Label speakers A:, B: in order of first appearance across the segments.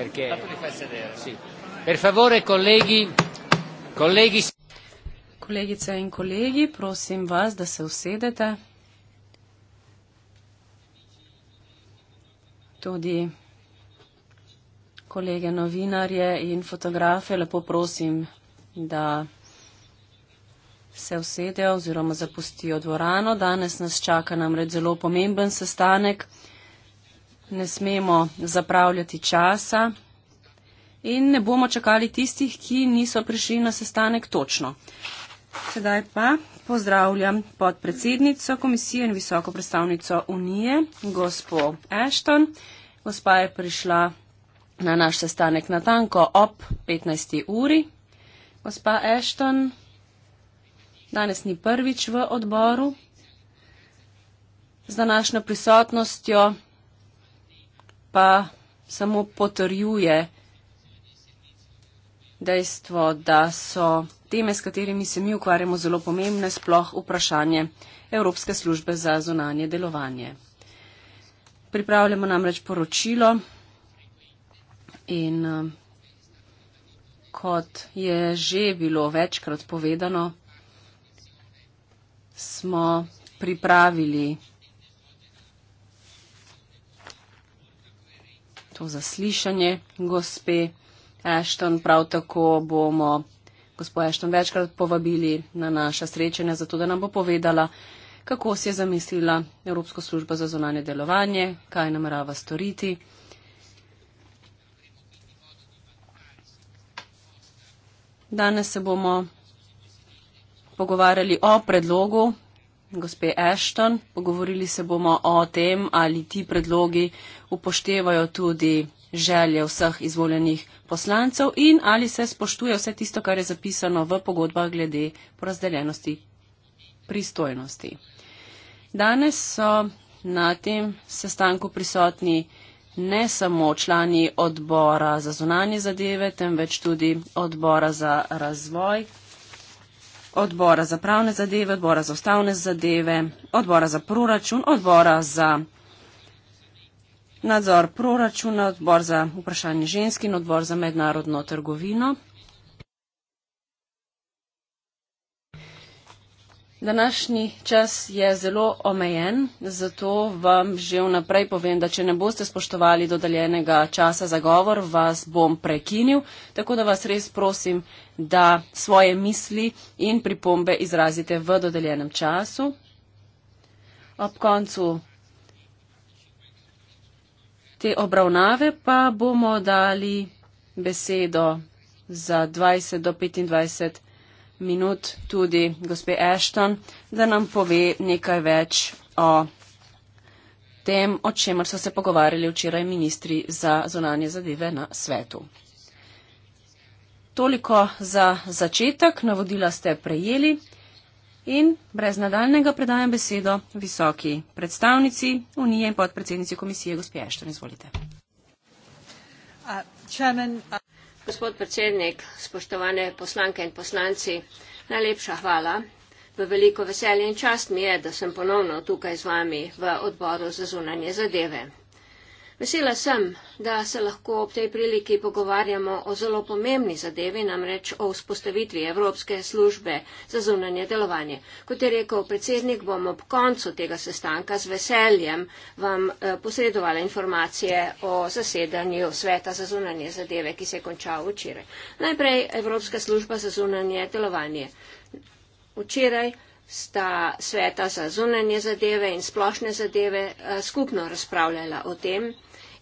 A: perché... Dopo li fai sedere. Sì. Per favore, colleghi, colleghi...
B: Kolegice in kolegi, prosim vas, da se usedete. Tudi kolege novinarje in fotografe, lepo prosim, da se usedejo oziroma zapustijo dvorano. Danes nas čaka namreč zelo pomemben sestanek ne smemo zapravljati časa in ne bomo čakali tistih, ki niso prišli na sestanek točno. Sedaj pa pozdravljam podpredsednico komisije in visoko predstavnico Unije, gospo Ashton. Gospa je prišla na naš sestanek na tanko ob 15. uri. Gospa Ashton danes ni prvič v odboru. Z današnjo prisotnostjo pa samo potrjuje dejstvo, da so teme, s katerimi se mi ukvarjamo, zelo pomembne, sploh vprašanje Evropske službe za zonanje delovanje. Pripravljamo namreč poročilo in eh, kot je že bilo večkrat povedano, smo pripravili to zaslišanje gospe Ashton. Prav tako bomo gospo Ashton večkrat povabili na naša srečanja, zato da nam bo povedala, kako si je zamislila Evropsko službo za zonanje delovanje, kaj namerava storiti. Danes se bomo pogovarjali o predlogu gospe Ashton. Pogovorili se bomo o tem, ali ti predlogi upoštevajo tudi želje vseh izvoljenih poslancev in ali se spoštuje vse tisto, kar je zapisano v pogodbah glede porazdeljenosti pristojnosti. Danes so na tem sestanku prisotni ne samo člani odbora za zunanje zadeve, temveč tudi odbora za razvoj odbora za pravne zadeve, odbora za ustavne zadeve, odbora za proračun, odbora za nadzor proračuna, odbor za vprašanje ženski in odbor za mednarodno trgovino. Današnji čas je zelo omejen, zato vam že vnaprej povem, da če ne boste spoštovali dodaljenega časa za govor, vas bom prekinil, tako da vas res prosim, da svoje misli in pripombe izrazite v dodaljenem času. Ob koncu te obravnave pa bomo dali besedo za 20 do 25 minut minut tudi gospe Ashton, da nam pove nekaj več o tem, o čemer so se pogovarjali včeraj ministri za zonanje zadeve na svetu. Toliko za začetek, navodila ste prejeli in brez nadaljnega predajem besedo visoki predstavnici Unije in podpredsednici komisije, gospe Ashton, izvolite.
A: Uh, chairman, uh... Gospod predsednik, spoštovane poslanke in poslanci, najlepša hvala. V veliko veselje in čast mi je, da sem ponovno tukaj z vami v odboru za zunanje zadeve. Vesela sem, da se lahko ob tej priliki pogovarjamo o zelo pomembni zadevi, namreč o vzpostavitvi Evropske službe za zunanje delovanje. Kot je rekel predsednik, bom ob koncu tega sestanka z veseljem vam eh, posredovala informacije o zasedanju Sveta za zunanje zadeve, ki se je končal včeraj. Najprej Evropska služba za zunanje delovanje. Včeraj sta sveta za zunanje zadeve in splošne zadeve eh, skupno razpravljala o tem,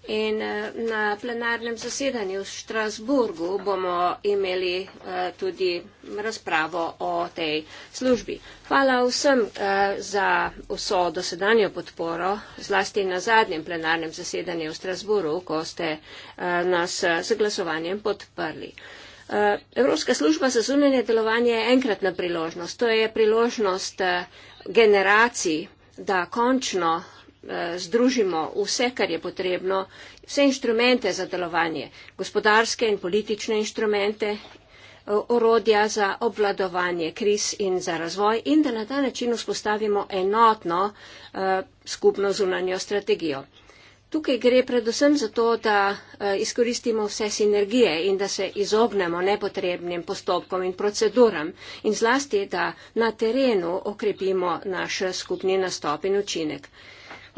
A: In eh, na plenarnem zasedanju v Štrasburgu bomo imeli eh, tudi razpravo o tej službi. Hvala vsem eh, za vso dosedanjo podporo, zlasti na zadnjem plenarnem zasedanju v Štrasburgu, ko ste nas z glasovanjem podprli. Evropska služba za zunanje delovanje je enkratna priložnost. To je priložnost generacij, da končno Eh, združimo vse, kar je potrebno, vse inštrumente za delovanje, gospodarske in politične inštrumente, eh, orodja za obvladovanje kriz in za razvoj in da na ta način vzpostavimo enotno eh, skupno zunanjo strategijo. Tukaj gre predvsem za to, da izkoristimo vse sinergije in da se izognemo nepotrebnim postopkom in proceduram in zlasti, da na terenu okrepimo naš skupni nastop in učinek.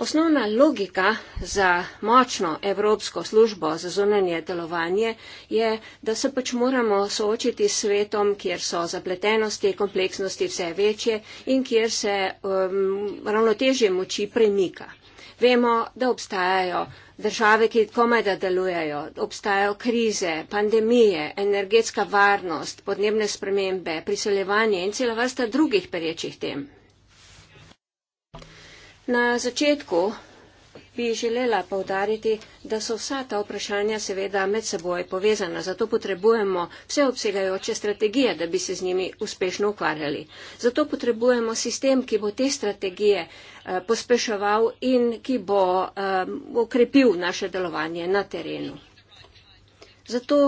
A: Osnovna logika za močno Evropsko službo za zunanje delovanje je, da se pač moramo soočiti s svetom, kjer so zapletenosti, kompleksnosti vse večje in kjer se um, ravnotežje moči premika. Vemo, da obstajajo države, ki komaj da delujejo, obstajajo krize, pandemije, energetska varnost, podnebne spremembe, priseljevanje in cela vrsta drugih perečih tem. Na začetku bi želela povdariti, da so vsa ta vprašanja seveda med seboj povezana, zato potrebujemo vseobsegajoče strategije, da bi se z njimi uspešno ukvarjali. Zato potrebujemo sistem, ki bo te strategije eh, pospeševal in ki bo eh, okrepil naše delovanje na terenu. Zato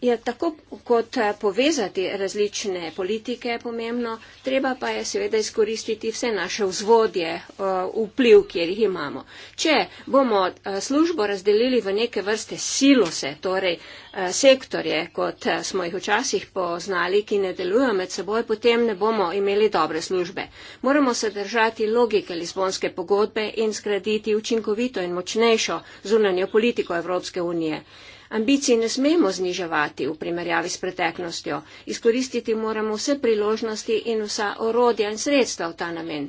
A: je tako kot eh, povezati različne politike pomembno, treba pa je seveda izkoristiti vse naše vzvodje, eh, vpliv, kjer jih imamo. Če bomo eh, službo razdelili v neke vrste silose, torej sektorje, kot smo jih včasih poznali, ki ne delujejo med seboj, potem ne bomo imeli dobre službe. Moramo se držati logike Lizbonske pogodbe in zgraditi učinkovito in močnejšo zunanjo politiko Evropske unije. Ambicij ne smemo zniževati v primerjavi s preteklostjo. Izkoristiti moramo vse priložnosti in vsa orodja in sredstva v ta namen.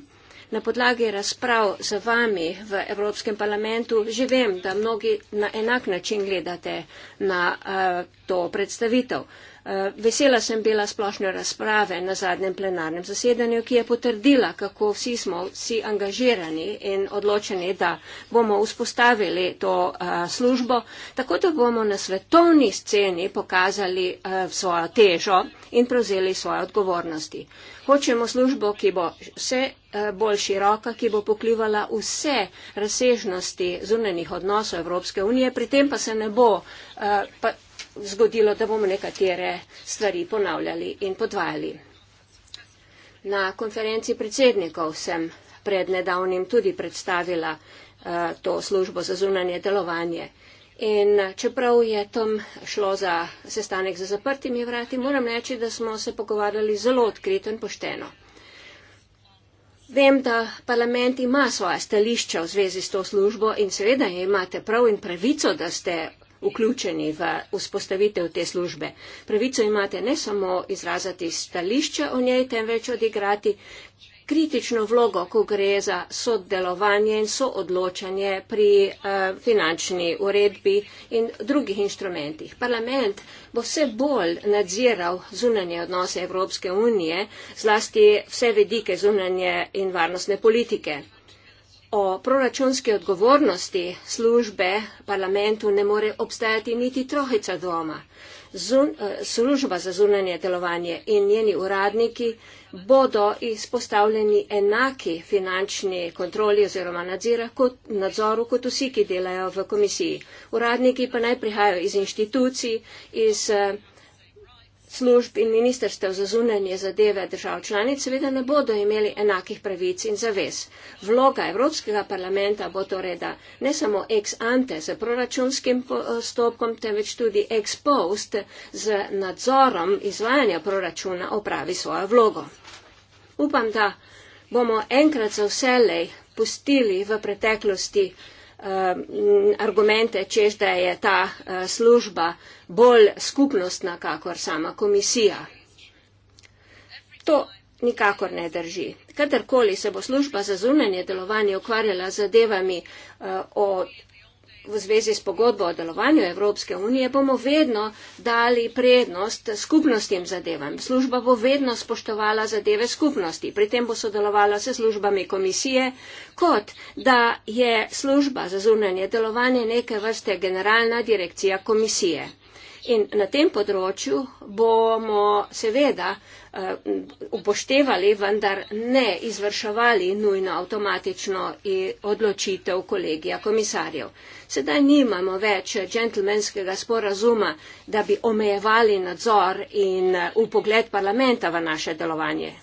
A: Na podlagi razprav z vami v Evropskem parlamentu že vem, da mnogi na enak način gledate na uh, to predstavitev. Eh, vesela sem bila splošne razprave na zadnjem plenarnem zasedanju, ki je potrdila, kako vsi smo vsi angažirani in odločeni, da bomo vzpostavili to eh, službo, tako da bomo na svetovni sceni pokazali eh, svojo težo in prevzeli svoje odgovornosti. Hočemo službo, ki bo vse bolj široka, ki bo pokljuvala vse razsežnosti zunanih odnosov Evropske unije, pri tem pa se ne bo. Pa, zgodilo, da bomo nekatere stvari ponavljali in podvajali. Na konferenci predsednikov sem pred nedavnim tudi predstavila eh, to službo za zunanje delovanje. In čeprav je tam šlo za sestanek za zaprtimi vrati, moram reči, da smo se pogovarjali zelo odkrito in pošteno. Vem, da parlament ima svoje stališče v zvezi s to službo in seveda imate prav in pravico, da ste vključeni v vzpostavitev te službe. Pravico imate ne samo izraziti stališče o njej, temveč odigrati kritično vlogo, ko gre za sodelovanje in soodločanje pri uh, finančni uredbi in drugih instrumentih. Parlament bo vse bolj nadziral zunanje odnose Evropske unije, zlasti vse vedike zunanje in varnostne politike. O proračunski odgovornosti službe parlamentu ne more obstajati niti trohica doma. Zun, eh, služba za zunanje delovanje in njeni uradniki bodo izpostavljeni enaki finančni kontroli oziroma nadzira kot, nadzoru kot vsi, ki delajo v komisiji. Uradniki pa naj prihajajo iz inštitucij, iz eh, služb in ministerstev za zunanje zadeve držav članic seveda ne bodo imeli enakih pravic in zavez. Vloga Evropskega parlamenta bo torej, da ne samo ex ante z proračunskim postopkom, eh, temveč tudi ex post z nadzorom izvajanja proračuna opravi svojo vlogo. Upam, da bomo enkrat za vselej pustili v preteklosti Eh, argumente, čež da je ta eh, služba bolj skupnostna, kakor sama komisija. To nikakor ne drži. Kadarkoli se bo služba za zunanje delovanje ukvarjala z zadevami eh, o v zvezi s pogodbo o delovanju Evropske unije bomo vedno dali prednost skupnostim zadevam. Služba bo vedno spoštovala zadeve skupnosti. Pri tem bo sodelovala se službami komisije, kot da je služba za zunanje delovanje neke vrste generalna direkcija komisije. In na tem področju bomo seveda eh, upoštevali, vendar ne izvrševali nujno avtomatično odločitev kolegija komisarjev. Sedaj nimamo več džentlmenskega sporazuma, da bi omejevali nadzor in upogled eh, parlamenta v naše delovanje.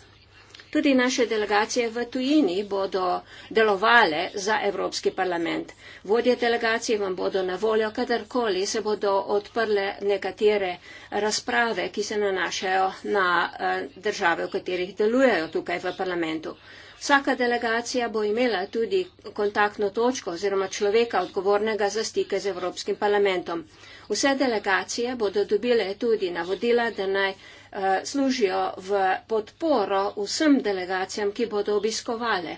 A: Tudi naše delegacije v tujini bodo delovale za Evropski parlament. Vodje delegacije vam bodo na voljo, kadarkoli se bodo odprle nekatere razprave, ki se nanašajo na eh, države, v katerih delujejo tukaj v parlamentu. Vsaka delegacija bo imela tudi kontaktno točko oziroma človeka odgovornega za stike z Evropskim parlamentom. Vse delegacije bodo dobile tudi navodila, da naj Eh, služijo v podporo vsem delegacijam, ki bodo obiskovali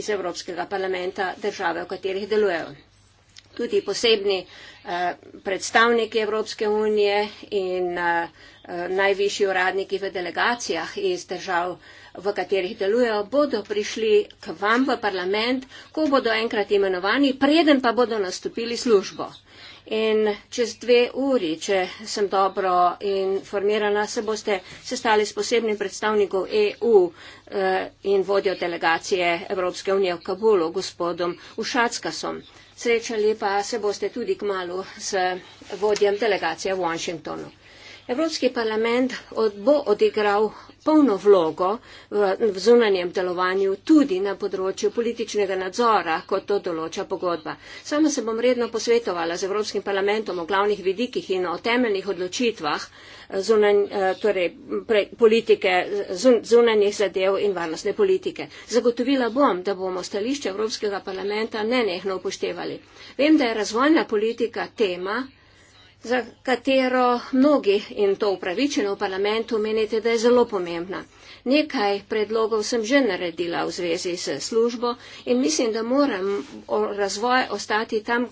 A: iz Evropskega parlamenta države, v katerih delujejo. Tudi posebni eh, predstavniki Evropske unije in eh, najvišji uradniki v delegacijah iz držav, v katerih delujejo, bodo prišli k vam v parlament, ko bodo enkrat imenovani, preden pa bodo nastopili službo. In čez dve uri, če sem dobro informirana, se boste sestali s posebnim predstavnikom EU eh, in vodjo delegacije Evropske unije v Kabulu, gospodom Ušackasom. Srečali pa se boste tudi k malu s vodjem delegacije v Washingtonu. Evropski parlament od, bo odigral polno vlogo v, v zunanjem delovanju tudi na področju političnega nadzora, kot to določa pogodba. Sama se bom redno posvetovala z Evropskim parlamentom o glavnih vidikih in o temeljnih odločitvah eh, zunanj, eh, torej, pre, politike, zun, zunanjih zadev in varnostne politike. Zagotovila bom, da bomo stališče Evropskega parlamenta nenehno upoštevali. Vem, da je razvojna politika tema, za katero mnogi in to upravičeno v parlamentu menite, da je zelo pomembna. Nekaj predlogov sem že naredila v zvezi s službo in mislim, da moram razvoj ostati tam,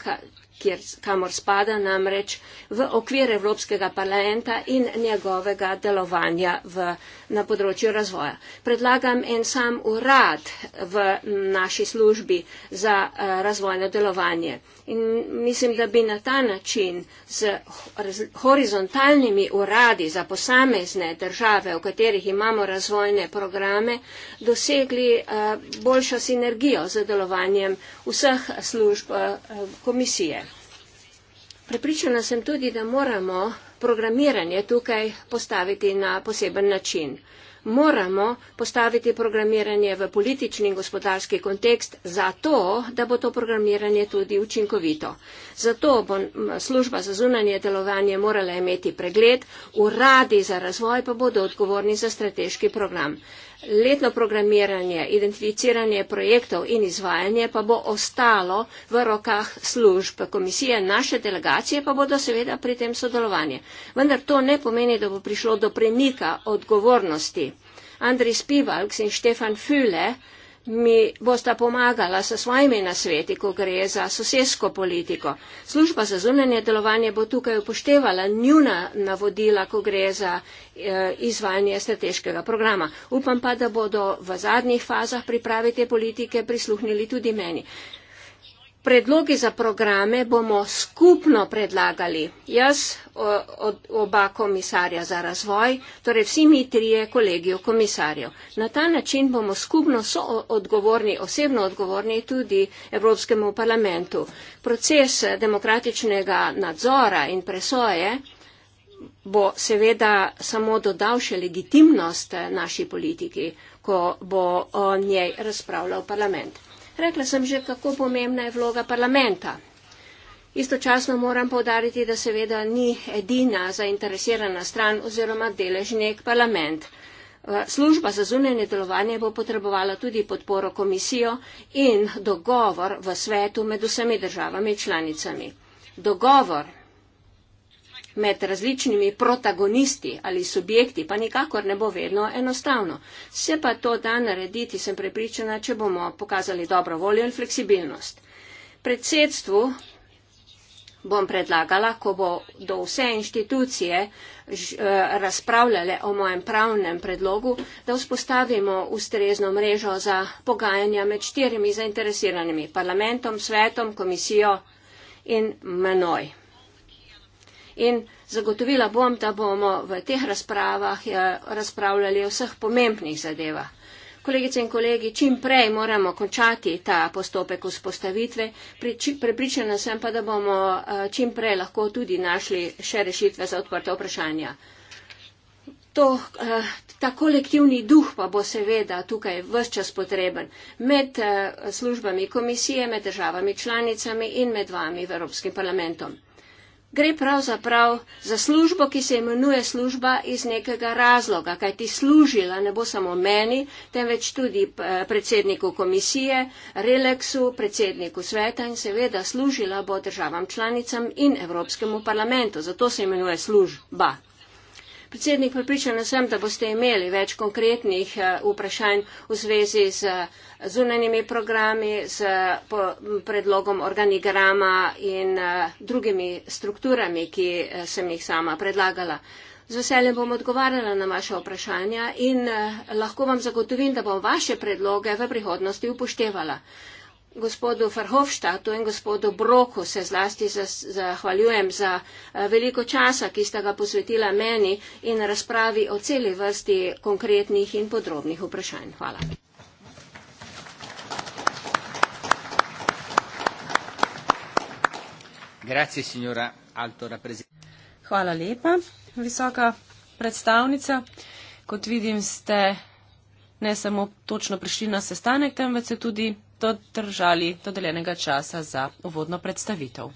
A: kjer, kamor spada namreč v okvir Evropskega parlamenta in njegovega delovanja v, na področju razvoja. Predlagam en sam urad v naši službi za eh, razvojno delovanje. In mislim, da bi na ta način z horizontalnimi uradi za posamezne države, v katerih imamo razvojne programe, dosegli eh, boljšo sinergijo z delovanjem vseh služb eh, komisije. Prepričana sem tudi, da moramo programiranje tukaj postaviti na poseben način moramo postaviti programiranje v politični in gospodarski kontekst zato, da bo to programiranje tudi učinkovito. Zato bo služba za zunanje delovanje morala imeti pregled, uradi za razvoj pa bodo odgovorni za strateški program letno programiranje, identificiranje projektov in izvajanje pa bo ostalo v rokah služb komisije, naše delegacije pa bodo seveda pri tem sodelovanje. Vendar to ne pomeni, da bo prišlo do premika odgovornosti. Andris Pivalks in Štefan Füle mi bosta pomagala s svojimi nasveti, ko gre za sosedsko politiko. Služba za zunanje delovanje bo tukaj upoštevala njuna navodila, ko gre za eh, izvajanje strateškega programa. Upam pa, da bodo v zadnjih fazah priprave te politike prisluhnili tudi meni. Predlogi za programe bomo skupno predlagali. Jaz, o, o, oba komisarja za razvoj, torej vsi mi trije kolegijo komisarjev. Na ta način bomo skupno so odgovorni, osebno odgovorni tudi Evropskemu parlamentu. Proces eh, demokratičnega nadzora in presoje bo seveda samo dodal še legitimnost eh, naši politiki, ko bo o njej razpravljal parlament. Rekla sem že, kako pomembna je vloga parlamenta. Istočasno moram povdariti, da seveda ni edina zainteresirana stran oziroma deležnik parlament. Eh, služba za zunanje delovanje bo potrebovala tudi podporo komisijo in dogovor v svetu med vsemi državami članicami. Dogovor med različnimi protagonisti ali subjekti, pa nikakor ne bo vedno enostavno. Vse pa to da narediti, sem prepričana, če bomo pokazali dobro voljo in fleksibilnost. Predsedstvu bom predlagala, ko bo do vse inštitucije eh, razpravljale o mojem pravnem predlogu, da vzpostavimo ustrezno mrežo za pogajanja med štirimi zainteresiranimi parlamentom, svetom, komisijo in menoj in zagotovila bom, da bomo v teh razpravah eh, razpravljali o vseh pomembnih zadevah. Kolegice in kolegi, čim prej moramo končati ta postopek vzpostavitve, prepričana sem pa, da bomo eh, čim prej lahko tudi našli še rešitve za odprte vprašanja. To, eh, ta kolektivni duh pa bo seveda tukaj vse čas potreben med službami komisije, med državami članicami in med vami v Evropskim parlamentom. Gre pravzaprav za službo, ki se imenuje služba iz nekega razloga, kaj ti služila ne bo samo meni, temveč tudi eh, predsedniku komisije, Relexu, predsedniku sveta in seveda služila bo državam članicam in Evropskemu parlamentu. Zato se imenuje služba. Predsednik, pripričana sem, da boste imeli več konkretnih eh, vprašanj v zvezi z eh, zunanimi programi, z predlogom organigrama in eh, drugimi strukturami, ki sem jih sama predlagala. Z veseljem bom odgovarjala na vaše vprašanja in lahko vam zagotovim, da bom vaše predloge v prihodnosti upoštevala gospodu Farhofštatu in gospodu Broku se zlasti zahvaljujem za eh, veliko časa, ki sta ga posvetila meni in razpravi o celi vrsti konkretnih in podrobnih vprašanj. Hvala. Grazie, alto
B: Hvala lepa, visoka predstavnica. Kot vidim, ste ne samo točno prišli na sestanek, temveč se tudi držali dodeljenega časa za uvodno predstavitev.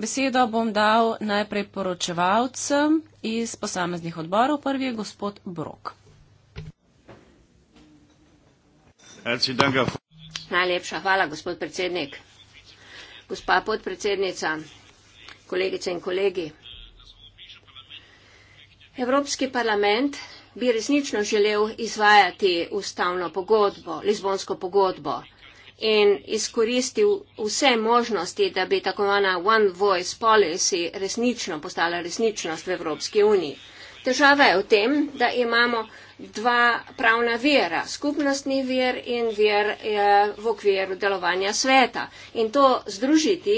B: Besedo bom dal najprej poročevalcem iz posameznih odborov. Prvi je gospod Brok.
A: Najlepša hvala, gospod predsednik. Gospa podpredsednica, kolegice in kolegi. Evropski parlament bi resnično želel izvajati ustavno pogodbo, Lizbonsko pogodbo in izkoristil vse možnosti, da bi tako imena One Voice Policy resnično postala resničnost v Evropski uniji. Težava je v tem, da imamo dva pravna vira, skupnostni vir in vir eh, v okviru delovanja sveta. In to združiti,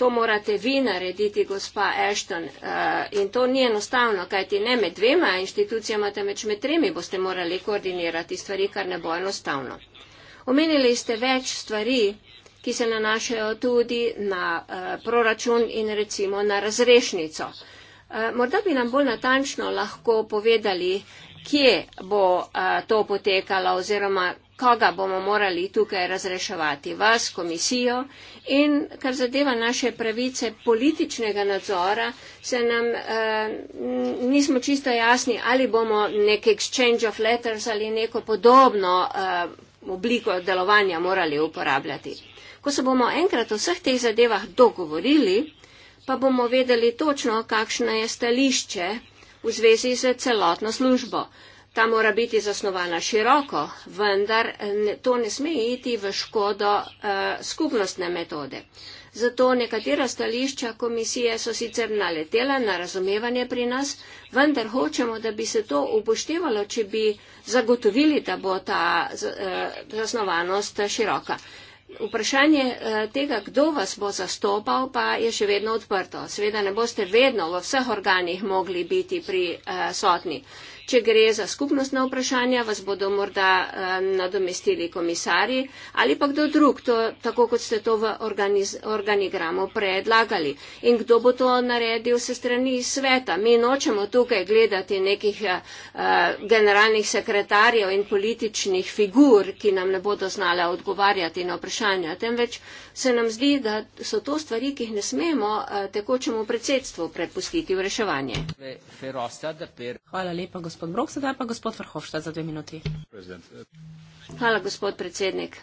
A: to morate vi narediti, gospa Ashton, eh, in to ni enostavno, kajti ne med dvema inštitucijama, temveč med tremi boste morali koordinirati stvari, kar ne bo enostavno. Omenili ste več stvari, ki se nanašajo tudi na eh, proračun in recimo na razrešnico. Eh, morda bi nam bolj natančno lahko povedali, kje bo eh, to potekalo oziroma koga bomo morali tukaj razreševati, vas, komisijo in kar zadeva naše pravice političnega nadzora, se nam eh, nismo čisto jasni, ali bomo nek exchange of letters ali neko podobno eh, obliko delovanja morali uporabljati. Ko se bomo enkrat o vseh teh zadevah dogovorili, pa bomo vedeli točno, kakšno je stališče v zvezi z celotno službo. Ta mora biti zasnovana široko, vendar to ne sme iti v škodo eh, skupnostne metode. Zato nekatera stališča komisije so sicer naletela na razumevanje pri nas, vendar hočemo, da bi se to upoštevalo, če bi zagotovili, da bo ta eh, zasnovanost široka. Vprašanje eh, tega, kdo vas bo zastopal, pa je še vedno odprto. Sveda ne boste vedno v vseh organih mogli biti prisotni. Uh, Če gre za skupnostna vprašanja, vas bodo morda eh, nadomestili komisari ali pa kdo drug, to, tako kot ste to v organigramu predlagali. In kdo bo to naredil se strani sveta? Mi nočemo tukaj gledati nekih eh, eh, generalnih sekretarjev in političnih figur, ki nam ne bodo znale odgovarjati na vprašanja, temveč se nam zdi, da so to stvari, ki jih ne smemo tekočemu predsedstvu prepustiti v reševanje. Hvala lepa, gospod gospod Brok, sedaj pa gospod Vrhovšta za dve minuti.
B: Eh,
A: Hvala, gospod predsednik.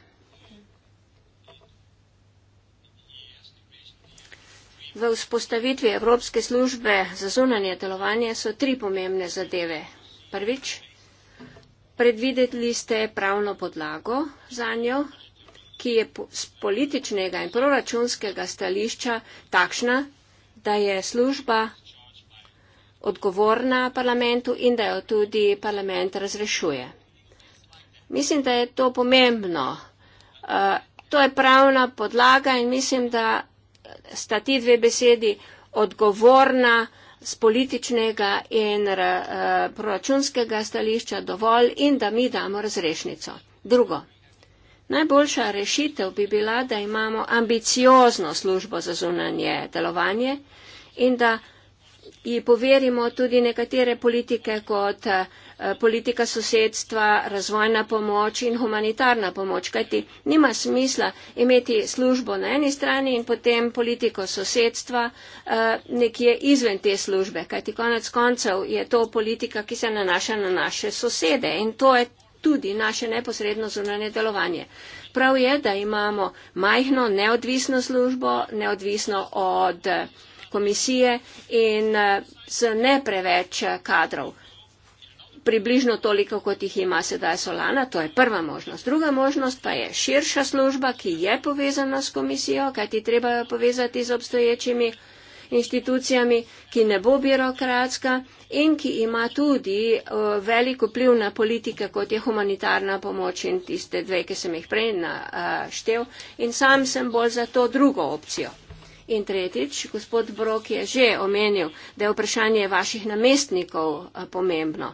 A: V vzpostavitvi Evropske službe za zunanje delovanje so tri pomembne zadeve. Prvič, predvideli ste pravno podlago za njo, ki je z političnega in proračunskega stališča takšna, da je služba odgovorna parlamentu in da jo tudi parlament razrešuje. Mislim, da je to pomembno. Eh, to je pravna podlaga in mislim, da sta ti dve besedi odgovorna z političnega in eh, proračunskega stališča dovolj in da mi damo razrešnico. Drugo. Najboljša rešitev bi bila, da imamo ambiciozno službo za zunanje delovanje in da ji poverimo tudi nekatere politike kot eh, politika sosedstva, razvojna pomoč in humanitarna pomoč, kajti nima smisla imeti službo na eni strani in potem politiko sosedstva eh, nekje izven te službe, kajti konec koncev je to politika, ki se nanaša na naše sosede in to je tudi naše neposredno zunanje delovanje. Prav je, da imamo majhno neodvisno službo, neodvisno od komisije in eh, z ne preveč eh, kadrov. Približno toliko, kot jih ima sedaj Solana, to je prva možnost. Druga možnost pa je širša služba, ki je povezana s komisijo, kajti treba jo povezati z obstoječimi inštitucijami, ki ne bo birokratska in ki ima tudi eh, veliko pliv na politike, kot je humanitarna pomoč in tiste dve, ki sem jih prej naštel. In sam sem bolj za to drugo opcijo. In tretjič, gospod Brok je že omenil, da je vprašanje vaših namestnikov eh, pomembno.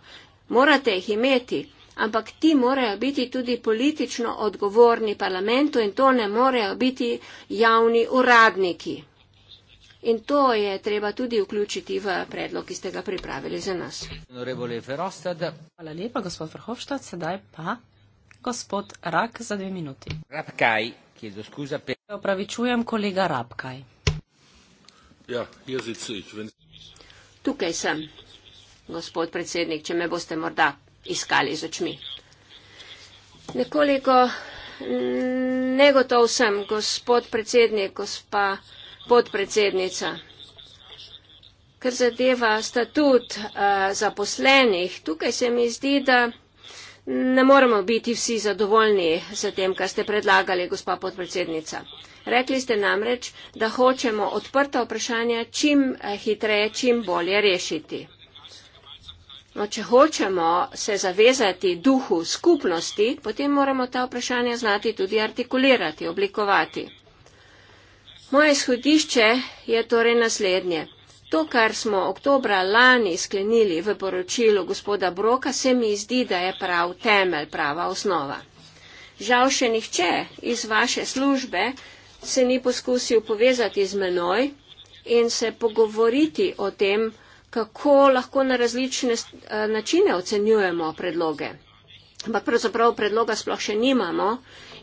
A: Morate jih imeti, ampak ti morajo biti tudi politično odgovorni parlamentu in to ne morejo biti javni uradniki. In to je treba tudi vključiti v predlog, ki ste ga pripravili za nas.
B: Hvala lepa, gospod Vrhovštad. Sedaj pa gospod Rak za dve minuti. Rapkaj, ki je doskuza pet.
A: Opravičujem kolega Rapkaj.
C: Ja, jaz sem.
A: Tukaj sem, gospod predsednik, če me boste morda iskali z očmi. Nekoliko negotov sem, gospod predsednik, gospa podpredsednica. Ker zadeva statut uh, zaposlenih, tukaj se mi zdi, da Ne moramo biti vsi zadovoljni s tem, kar ste predlagali, gospa podpredsednica. Rekli ste namreč, da hočemo odprta vprašanja čim eh, hitreje, čim bolje rešiti. No, če hočemo se zavezati duhu skupnosti, potem moramo ta vprašanja znati tudi artikulirati, oblikovati. Moje izhodišče je torej naslednje. To, kar smo oktobra lani sklenili v poročilu gospoda Broka, se mi zdi, da je prav temelj, prava osnova. Žal še nihče iz vaše službe se ni poskusil povezati z menoj in se pogovoriti o tem, kako lahko na različne eh, načine ocenjujemo predloge. Ampak pravzaprav predloga sploh še nimamo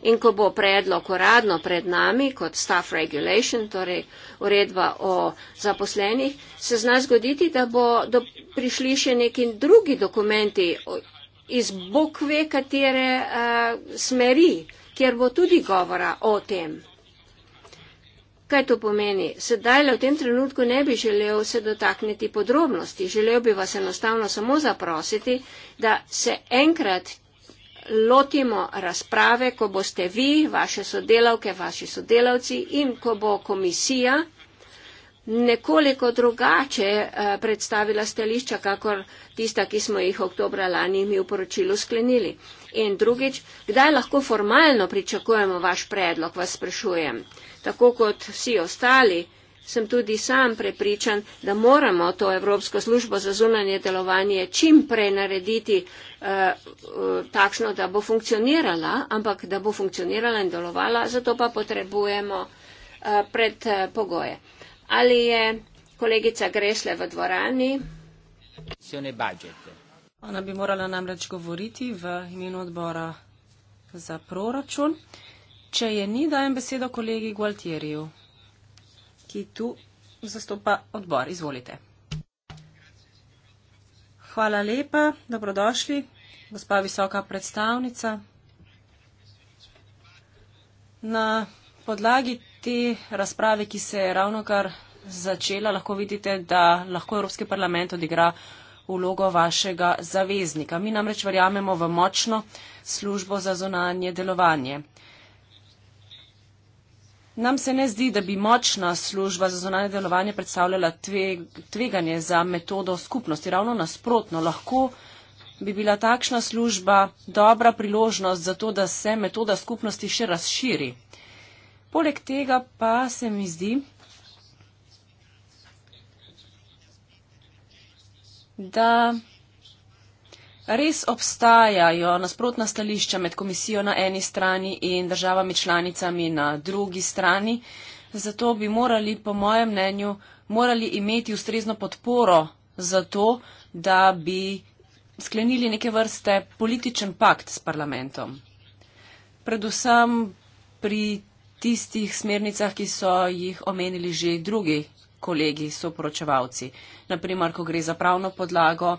A: in ko bo predlog uradno pred nami kot staff regulation, torej uredba o zaposlenih, se zna zgoditi, da bo do, prišli še neki drugi dokumenti iz bokve katere uh, smeri, kjer bo tudi govora o tem. Kaj to pomeni? Sedaj le v tem trenutku ne bi želel se dotakniti podrobnosti. Želel bi vas enostavno samo zaprositi, da se enkrat, lotimo razprave, ko boste vi, vaše sodelavke, vaši sodelavci in ko bo komisija nekoliko drugače eh, predstavila stališča, kakor tista, ki smo jih oktobra lani mi v poročilu sklenili. In drugič, kdaj lahko formalno pričakujemo vaš predlog, vas sprašujem, tako kot vsi ostali sem tudi sam prepričan, da moramo to Evropsko službo za zunanje delovanje čim prej narediti eh, eh takšno, da bo funkcionirala, ampak da bo funkcionirala in delovala, zato pa potrebujemo eh, predpogoje. Eh, Ali je kolegica Gresle v dvorani?
B: Ona bi morala namreč govoriti v imenu odbora za proračun. Če je ni, dajem besedo kolegi Gualtieriju ki tu zastopa odbor. Izvolite. Hvala lepa, dobrodošli, gospa visoka predstavnica. Na podlagi te razprave, ki se je ravno kar začela, lahko vidite, da lahko Evropski parlament odigra vlogo vašega zaveznika. Mi namreč verjamemo v močno službo za zonanje delovanje. Nam se ne zdi, da bi močna služba za zonanje delovanje predstavljala tveganje za metodo skupnosti. Ravno nasprotno, lahko bi bila takšna služba dobra priložnost za to, da se metoda skupnosti še razširi. Poleg tega pa se mi zdi, da Res obstajajo nasprotna stališča med komisijo na eni strani in državami članicami na drugi strani, zato bi morali, po mojem mnenju, morali imeti ustrezno podporo za to, da bi sklenili neke vrste političen pakt s parlamentom. Predvsem pri tistih smernicah, ki so jih omenili že drugi kolegi, soporočevalci. Naprimer, ko gre za pravno podlago,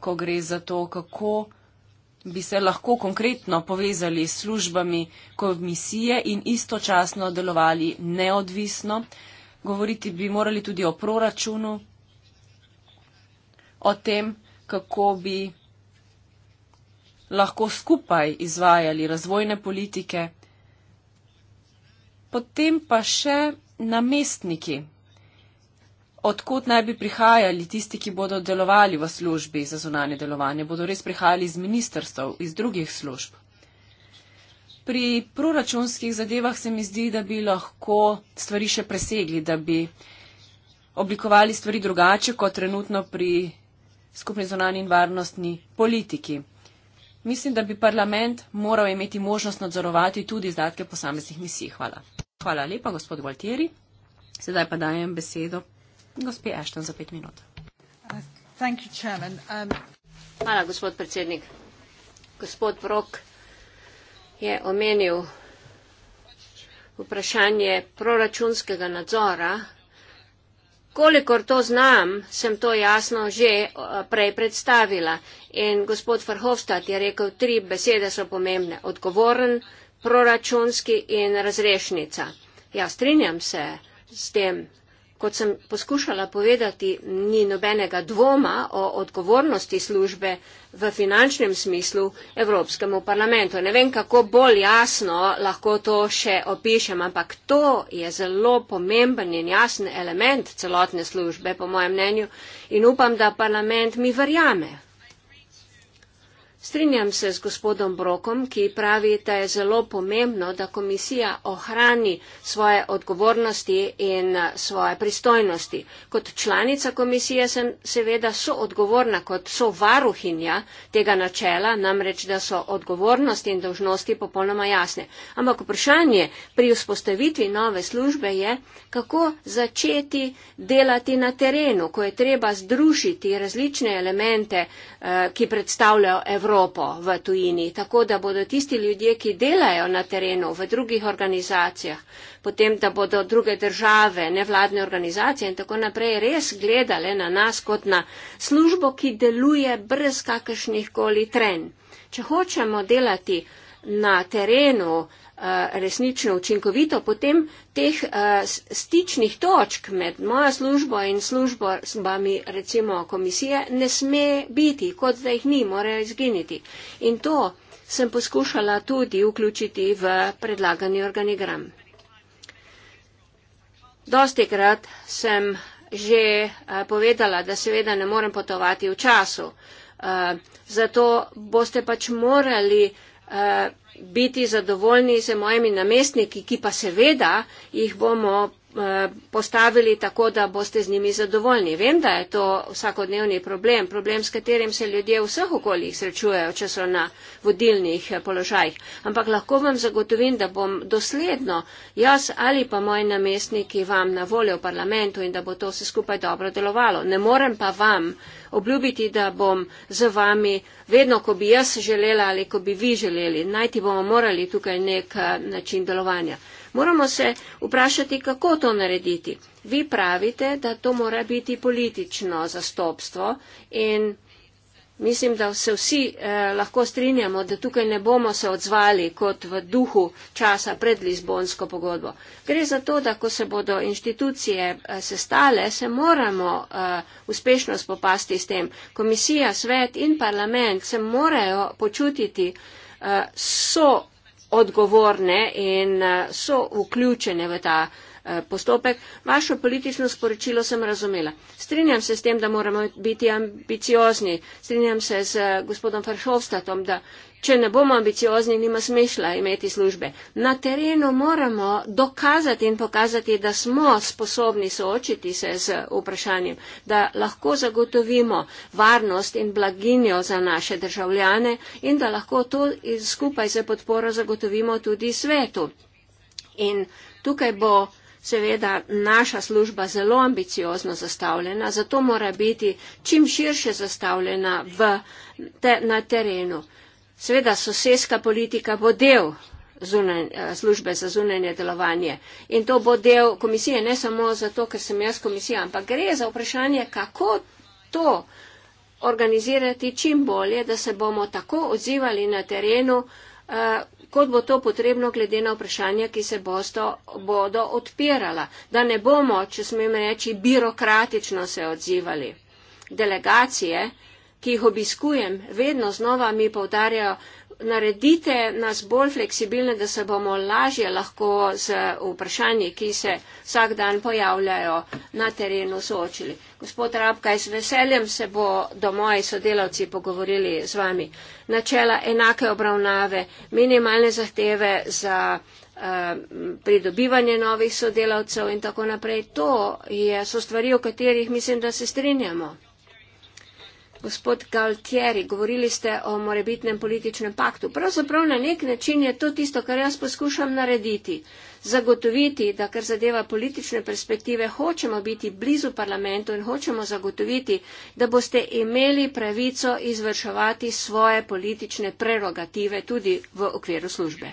B: ko gre za to, kako bi se lahko konkretno povezali s službami komisije in istočasno delovali neodvisno. Govoriti bi morali tudi o proračunu, o tem, kako bi lahko skupaj izvajali razvojne politike, potem pa še namestniki Odkud naj bi prihajali tisti, ki bodo delovali v službi za zunanje delovanje? Bodo res prihajali iz ministrstv, iz drugih služb? Pri proračunskih zadevah se mi zdi, da bi lahko stvari še presegli, da bi oblikovali stvari drugače kot trenutno pri skupni zunanji in varnostni politiki. Mislim, da bi parlament moral imeti možnost nadzorovati tudi izdatke posameznih misij. Hvala. Hvala lepa, gospod Gualtieri. Sedaj pa dajem besedo gospe Ashton za pet minut.
A: Uh, um, Hvala, gospod predsednik. Gospod Brok je omenil vprašanje proračunskega nadzora. Kolikor to znam, sem to jasno že uh, prej predstavila. In gospod Verhofstadt je rekel, tri besede so pomembne. Odgovoren, proračunski in razrešnica. Ja, strinjam se s tem kot sem poskušala povedati, ni nobenega dvoma o odgovornosti službe v finančnem smislu Evropskemu parlamentu. Ne vem, kako bolj jasno lahko to še opišem, ampak to je zelo pomemben in jasen element celotne službe, po mojem mnenju, in upam, da parlament mi verjame Strinjam se z gospodom Brokom, ki pravi, da je zelo pomembno, da komisija ohrani svoje odgovornosti in eh, svoje pristojnosti. Kot članica komisije sem seveda so odgovorna, kot so varuhinja tega načela, namreč, da so odgovornosti in dožnosti popolnoma jasne. Ampak vprašanje pri vzpostavitvi nove službe je, kako začeti delati na terenu, ko je treba združiti različne elemente, eh, ki predstavljajo Evropo. Evropo v tujini, tako da bodo tisti ljudje, ki delajo na terenu v drugih organizacijah, potem da bodo druge države, nevladne organizacije in tako naprej res gledale na nas kot na službo, ki deluje brez kakršnih koli tren. Če hočemo delati na terenu, Eh, resnično učinkovito, potem teh eh, stičnih točk med mojo službo in službami recimo komisije ne sme biti, kot da jih ni, morajo izginiti. In to sem poskušala tudi vključiti v predlagani organigram. Dosti krat sem že eh, povedala, da seveda ne morem potovati v času. Zato boste pač morali Eh, biti zadovoljni z mojimi namestniki, ki pa seveda jih bomo Eh, postavili tako, da boste z njimi zadovoljni. Vem, da je to vsakodnevni problem, problem, s katerim se ljudje v vseh okoljih srečujejo, če so na vodilnih eh, položajih. Ampak lahko vam zagotovim, da bom dosledno jaz ali pa moji namestniki vam na voljo v parlamentu in da bo to vse skupaj dobro delovalo. Ne morem pa vam obljubiti, da bom z vami vedno, ko bi jaz želela ali ko bi vi želeli. Najti bomo morali tukaj nek eh, način delovanja. Moramo se vprašati, kako to narediti. Vi pravite, da to mora biti politično zastopstvo in mislim, da se vsi eh, lahko strinjamo, da tukaj ne bomo se odzvali kot v duhu časa pred Lizbonsko pogodbo. Gre za to, da ko se bodo inštitucije eh, sestale, se moramo eh, uspešno spopasti s tem. Komisija, svet in parlament se morajo počutiti eh, so odgovorne in eh, so vključene v ta eh, postopek. Vašo politično sporočilo sem razumela. Strinjam se s tem, da moramo biti ambiciozni. Strinjam se z eh, gospodom Faršovstatom, da Če ne bomo ambiciozni, nima smisla imeti službe. Na terenu moramo dokazati in pokazati, da smo sposobni soočiti se z vprašanjem, da lahko zagotovimo varnost in blaginjo za naše državljane in da lahko to skupaj za podporo zagotovimo tudi svetu. In tukaj bo seveda naša služba zelo ambiciozno zastavljena, zato mora biti čim širše zastavljena v, te, na terenu. Seveda sosedska politika bo del zunaj, eh, službe za zunanje delovanje in to bo del komisije, ne samo zato, ker sem jaz komisija, ampak gre za vprašanje, kako to organizirati čim bolje, da se bomo tako odzivali na terenu, eh, kot bo to potrebno glede na vprašanja, ki se bosto, bodo odpirala. Da ne bomo, če smem reči, birokratično se odzivali. Delegacije, ki jih obiskujem, vedno znova mi povdarjajo, naredite nas bolj fleksibilne, da se bomo lažje lahko z vprašanji, ki se vsak dan pojavljajo na terenu, soočili. Gospod Rabkaj, z veseljem se bo do moji sodelavci pogovorili z vami. Načela enake obravnave, minimalne zahteve za eh, pridobivanje novih sodelavcev in tako naprej. To je, so stvari, o katerih mislim, da se strinjamo. Gospod Galtieri, govorili ste o morebitnem političnem paktu. Pravzaprav na nek način je to tisto, kar jaz poskušam narediti. Zagotoviti, da kar zadeva politične perspektive, hočemo biti blizu parlamentu in hočemo zagotoviti, da boste imeli pravico izvrševati svoje politične prerogative tudi v okviru službe.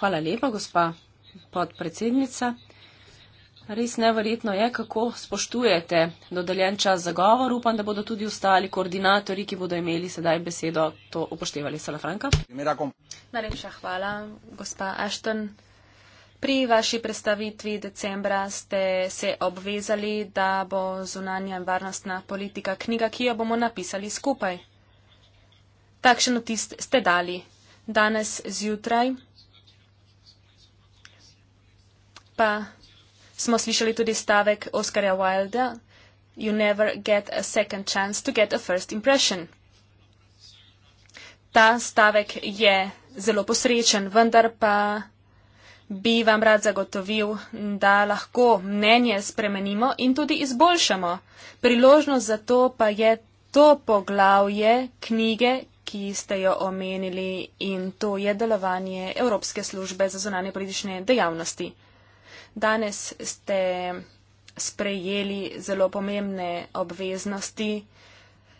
B: Hvala lepa, gospa podpredsednica. Res neverjetno je, kako spoštujete dodeljen čas za govor. Upam, da bodo tudi ostali koordinatorji, ki bodo imeli sedaj besedo, to upoštevali. Salafranka.
C: Najlepša hvala, gospa Ashton. Pri vaši predstavitvi decembra ste se obvezali, da bo zunanja in varnostna politika knjiga, ki jo bomo napisali skupaj. Takšen otis ste dali danes zjutraj. Pa smo slišali tudi stavek Oscarja Wilda, You never get a second chance to get a first impression. Ta stavek je zelo posrečen, vendar pa bi vam rad zagotovil, da lahko mnenje spremenimo in tudi izboljšamo. Priložnost za to pa je to poglavje knjige, ki ste jo omenili in to je delovanje Evropske službe za zunanje politične dejavnosti. Danes ste sprejeli zelo pomembne obveznosti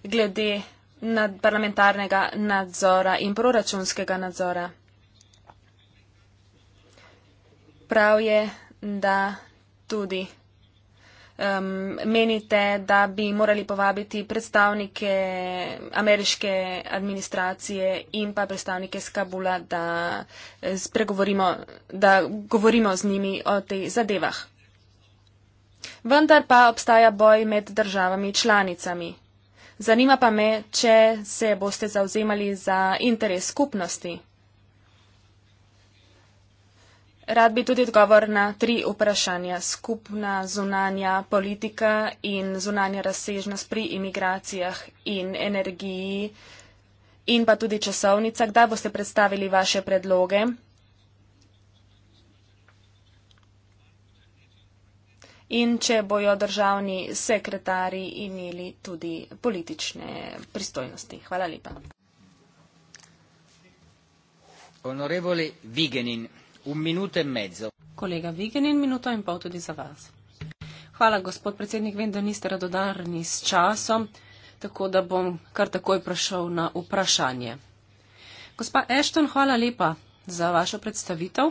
C: glede nad parlamentarnega nadzora in proračunskega nadzora. Prav je, da tudi um, menite, da bi morali povabiti predstavnike ameriške administracije in pa predstavnike iz Kabula, da, eh, da govorimo z njimi o tej zadevah. Vendar pa obstaja boj med državami članicami. Zanima pa me, če se boste zauzemali za interes skupnosti. Rad bi tudi odgovor na tri vprašanja. Skupna zunanja politika in zunanja razsežnost pri imigracijah in energiji in pa tudi časovnica. Kdaj boste predstavili vaše predloge? In če bojo državni sekretari imeli tudi politične
A: pristojnosti. Hvala lepa. Honorevole Vigenin. Un minuto e mezzo.
B: Collega Vigenin, minuto e mezzo di Savas. Hvala, gospod predsednik, vem, da niste radodarni s časom, tako da bom kar takoj prešel na vprašanje. Gospa Ashton, hvala lepa za vašo predstavitev.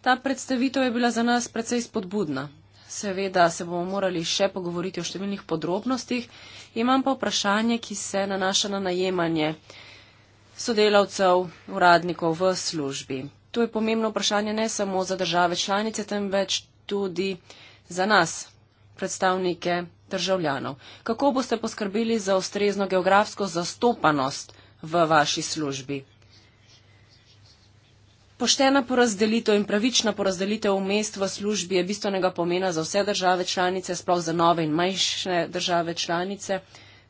B: Ta predstavitev je bila za nas precej spodbudna. Seveda se bomo morali še pogovoriti o številnih podrobnostih. Imam pa vprašanje, ki se nanaša na najemanje sodelavcev, uradnikov v službi. To je pomembno vprašanje ne samo za države članice, temveč tudi za nas, predstavnike državljanov. Kako boste poskrbeli za ustrezno geografsko zastopanost v vaši službi? Poštena porazdelitev in pravična porazdelitev mest v službi je bistvenega pomena za vse države članice, sploh za nove in manjše države članice.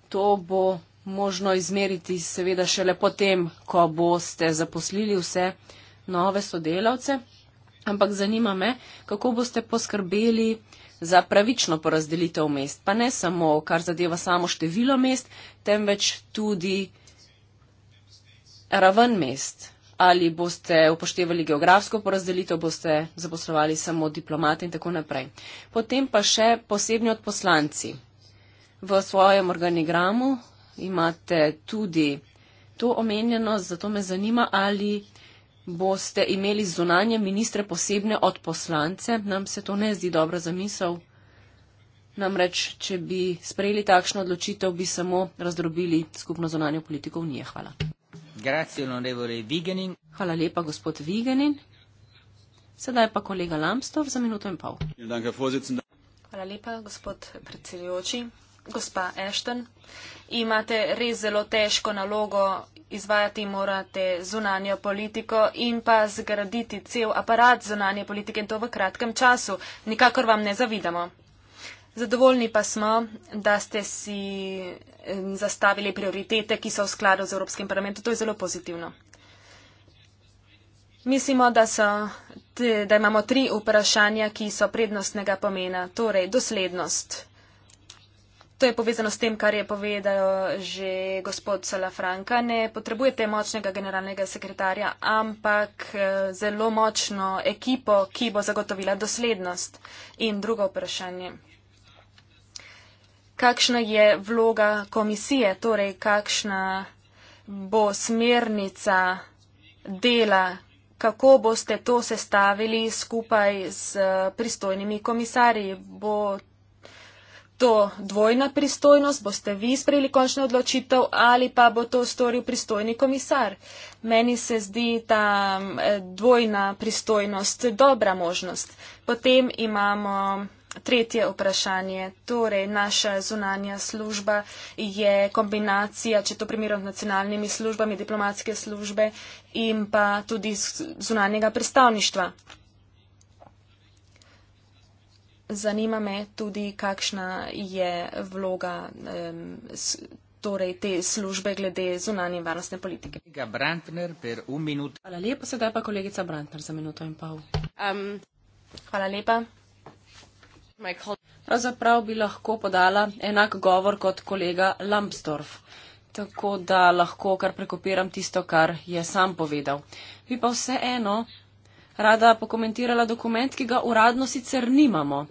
B: To bo možno izmeriti seveda šele potem, ko boste zaposlili vse države nove sodelavce, ampak zanima me, kako boste poskrbeli za pravično porazdelitev mest, pa ne samo, kar zadeva samo število mest, temveč tudi raven mest. Ali boste upoštevali geografsko porazdelitev, boste zaposlovali samo diplomate in tako naprej. Potem pa še posebni odposlanci. V svojem organigramu imate tudi to omenjeno, zato me zanima, ali boste imeli zunanje ministre posebne od poslance. Nam se to ne zdi dobra zamisel. Namreč, če bi sprejeli takšno odločitev, bi samo razdrobili skupno zunanje politiko Unije. Hvala. Grazie, Hvala lepa, gospod Vigenin. Sedaj pa kolega Lamstov za minuto in pol.
C: Hvala lepa, gospod predsedujoči. Gospa Ešten, imate res zelo težko nalogo izvajati morate zunanjo politiko in pa zgraditi cel aparat zunanje politike in to v kratkem času. Nikakor vam ne zavidamo. Zadovoljni pa smo, da ste si eh, zastavili prioritete, ki so v skladu z Evropskim parlamentom. To je zelo pozitivno. Mislimo, da, so, da imamo tri vprašanja, ki so prednostnega pomena. Torej, doslednost. To je povezano s tem, kar je povedal že gospod Salafranka. Ne potrebujete močnega generalnega sekretarja, ampak eh, zelo močno ekipo, ki bo zagotovila doslednost. In drugo vprašanje. Kakšna je vloga komisije, torej kakšna bo smernica dela, kako boste to sestavili skupaj z eh, pristojnimi komisarji? Bo to dvojna pristojnost, boste vi sprejeli končno odločitev ali pa bo to storil pristojni komisar. Meni se zdi ta eh, dvojna pristojnost dobra možnost. Potem imamo tretje vprašanje. Torej, naša zunanja služba je kombinacija, če to primerjamo z nacionalnimi službami, diplomatske službe in pa tudi zunanjega predstavništva zanima me tudi, kakšna je vloga um, s, torej te službe glede zunanje varnostne politike. Hvala lepa, sedaj pa
B: kolegica Brantner za minuto in pol. Um, Hvala lepa. Pravzaprav bi lahko podala enak govor kot kolega Lambsdorff, tako da lahko kar prekopiram tisto, kar je sam povedal. Bi pa vseeno rada pokomentirala dokument, ki ga uradno sicer nimamo.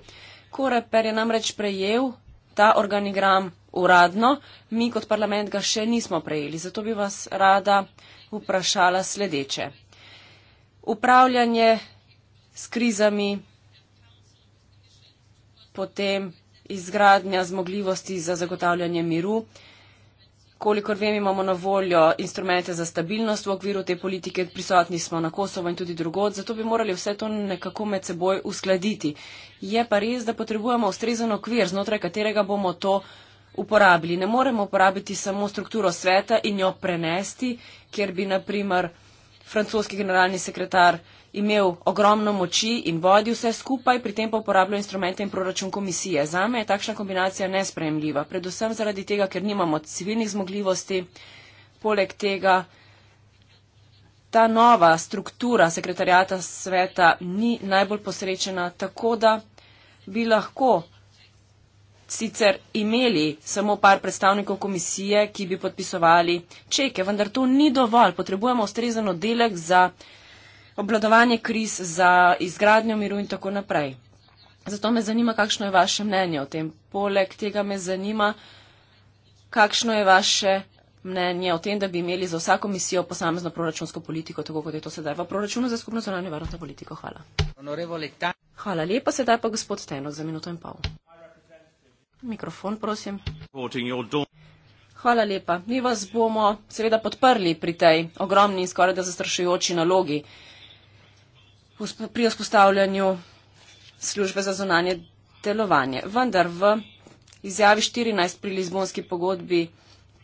B: Koreper je namreč prejel ta organigram uradno, mi kot parlament ga še nismo prejeli, zato bi vas rada vprašala sledeče. Upravljanje s krizami, potem izgradnja zmogljivosti za zagotavljanje miru, kolikor vem, imamo na voljo instrumente za stabilnost v okviru te politike, prisotni smo na Kosovo in tudi drugod, zato bi morali vse to nekako med seboj uskladiti. Je pa res, da potrebujemo ustrezen okvir, znotraj katerega bomo to uporabili. Ne moremo uporabiti samo strukturo sveta in jo prenesti, kjer bi naprimer francoski generalni sekretar imel ogromno moči in vodi vse skupaj, pri tem pa uporabljal instrumente in proračun komisije. Za me je takšna kombinacija nespremljiva, predvsem zaradi tega, ker nimamo civilnih zmogljivosti. Poleg tega ta nova struktura sekretarjata sveta ni najbolj posrečena, tako da bi lahko sicer imeli samo par predstavnikov komisije, ki bi podpisovali čeke, vendar to ni dovolj. Potrebujemo ustrezen oddelek za obladovanje kriz, za izgradnjo miru in tako naprej. Zato me zanima, kakšno je vaše mnenje o tem. Poleg tega me zanima, kakšno je vaše mnenje o tem, da bi imeli za vsako misijo posamezno proračunsko politiko, tako kot je to sedaj v proračunu za skupno zonanje varnostno politiko. Hvala. Hvala lepa, sedaj pa gospod Tenok za minuto in pol. Mikrofon, prosim. Hvala lepa. Mi vas bomo seveda podprli pri tej ogromni in skoraj da zastrašujoči nalogi pri vzpostavljanju službe za zunanje delovanje. Vendar v izjavi 14 pri Lizbonski pogodbi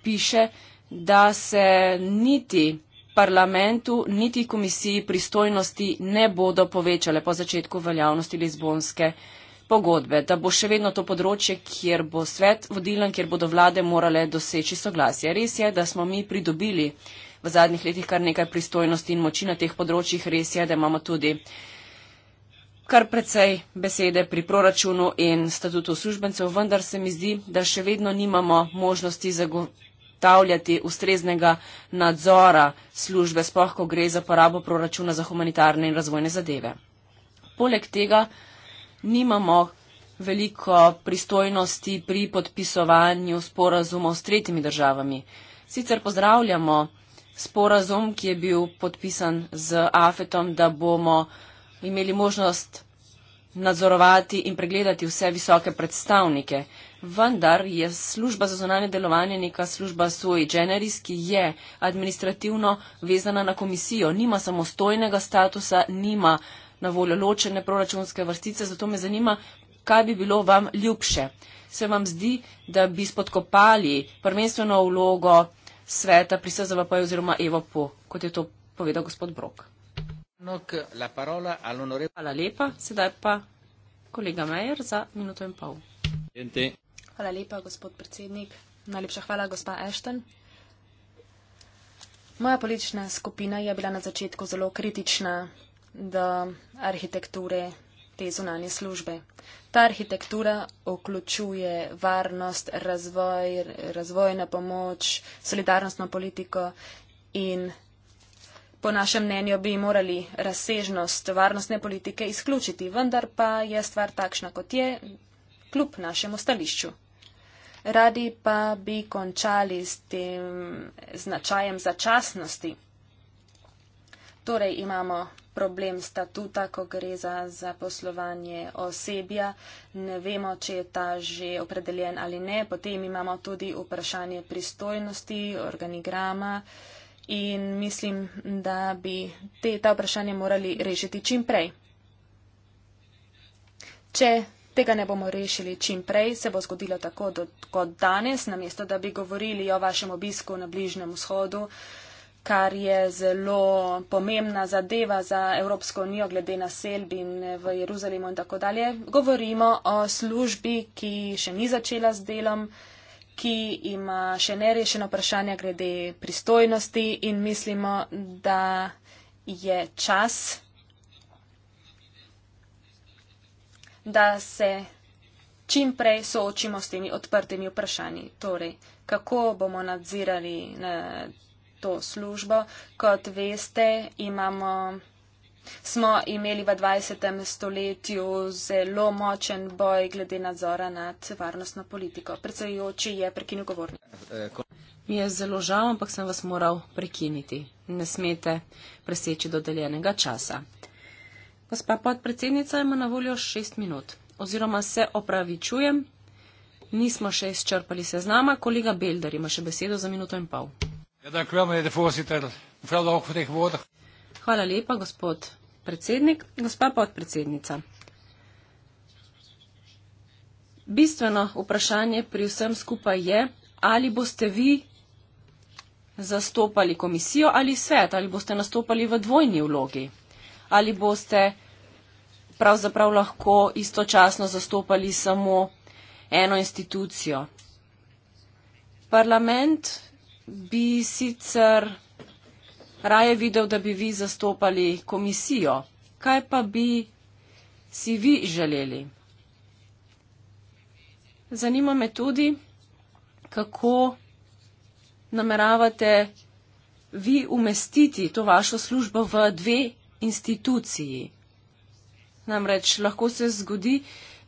B: piše, da se niti parlamentu, niti komisiji pristojnosti ne bodo povečale po začetku veljavnosti Lizbonske pogodbe pogodbe, da bo še vedno to področje, kjer bo svet vodilen, kjer bodo vlade morale doseči soglasje. Res je, da smo mi pridobili v zadnjih letih kar nekaj pristojnosti in moči na teh področjih. Res je, da imamo tudi kar precej besede pri proračunu in statutu službencev, vendar se mi zdi, da še vedno nimamo možnosti zagotavljati ustreznega nadzora službe, spohko gre za porabo proračuna za humanitarne in razvojne zadeve. Poleg tega nimamo veliko pristojnosti pri podpisovanju sporazumov s tretjimi državami. Sicer pozdravljamo sporazum, ki je bil podpisan z AFET-om, da bomo imeli možnost nadzorovati in pregledati vse visoke predstavnike. Vendar je služba za zonanje delovanje neka služba sui generis, ki je administrativno vezana na komisijo. Nima samostojnega statusa, nima na voljo ločene proračunske vrstice, zato me zanima, kaj bi bilo vam ljubše. Se vam zdi, da bi spodkopali prvenstveno vlogo sveta pri SZVP oziroma EVOP-u, kot je to povedal gospod Brok? Hvala lepa, sedaj pa kolega Mejer za minuto
C: in pol. Hvala lepa, gospod predsednik. Najlepša hvala, gospa Ashton. Moja politična skupina je bila na začetku zelo kritična do arhitekture te zunanje službe. Ta arhitektura vključuje varnost, razvoj, razvojna pomoč, solidarnostno politiko in po našem mnenju bi morali razsežnost varnostne politike izključiti, vendar pa je stvar takšna, kot je, kljub našemu stališču. Radi pa bi končali s tem značajem začasnosti. Torej imamo problem statuta, ko gre za zaposlovanje osebja. Ne vemo, če je ta že opredeljen ali ne. Potem imamo tudi vprašanje pristojnosti, organigrama in mislim, da bi te, ta vprašanje morali rešiti čim prej. Če tega ne bomo rešili čim prej, se bo zgodilo tako do, kot danes, namesto da bi govorili o vašem obisku na Bližnem vzhodu kar je zelo pomembna zadeva za Evropsko unijo glede na selbin v Jeruzalemu in tako dalje. Govorimo o službi, ki še ni začela z delom, ki ima še nerešeno vprašanje glede pristojnosti in mislimo, da je čas, da se čim prej soočimo s temi odprtimi vprašanji. Torej, kako bomo nadzirali na eh, to službo. Kot veste, imamo, smo imeli v 20. stoletju zelo močen boj glede nadzora nad varnostno politiko. Predsedujoči je prekinil govornik.
B: Mi je zelo žal, ampak sem vas moral prekiniti. Ne smete preseči dodeljenega časa. Gospa podpredsednica ima na voljo šest minut. Oziroma se opravičujem, nismo še izčrpali seznama, kolega Belder ima še besedo za minuto in
A: pol. Ja, dank u wel, meneer de voorzitter. Mevrouw de hoogvertegenwoordiger.
B: Hvala lepa, gospod predsednik, gospa podpredsednica. Bistveno vprašanje pri vsem skupaj je, ali boste vi zastopali komisijo ali svet, ali boste nastopali v dvojni vlogi, ali boste pravzaprav lahko istočasno zastopali samo eno institucijo. Parlament bi sicer raje videl, da bi vi zastopali komisijo. Kaj pa bi si vi želeli? Zanima me tudi, kako nameravate vi umestiti to vašo službo v dve instituciji. Namreč lahko se zgodi,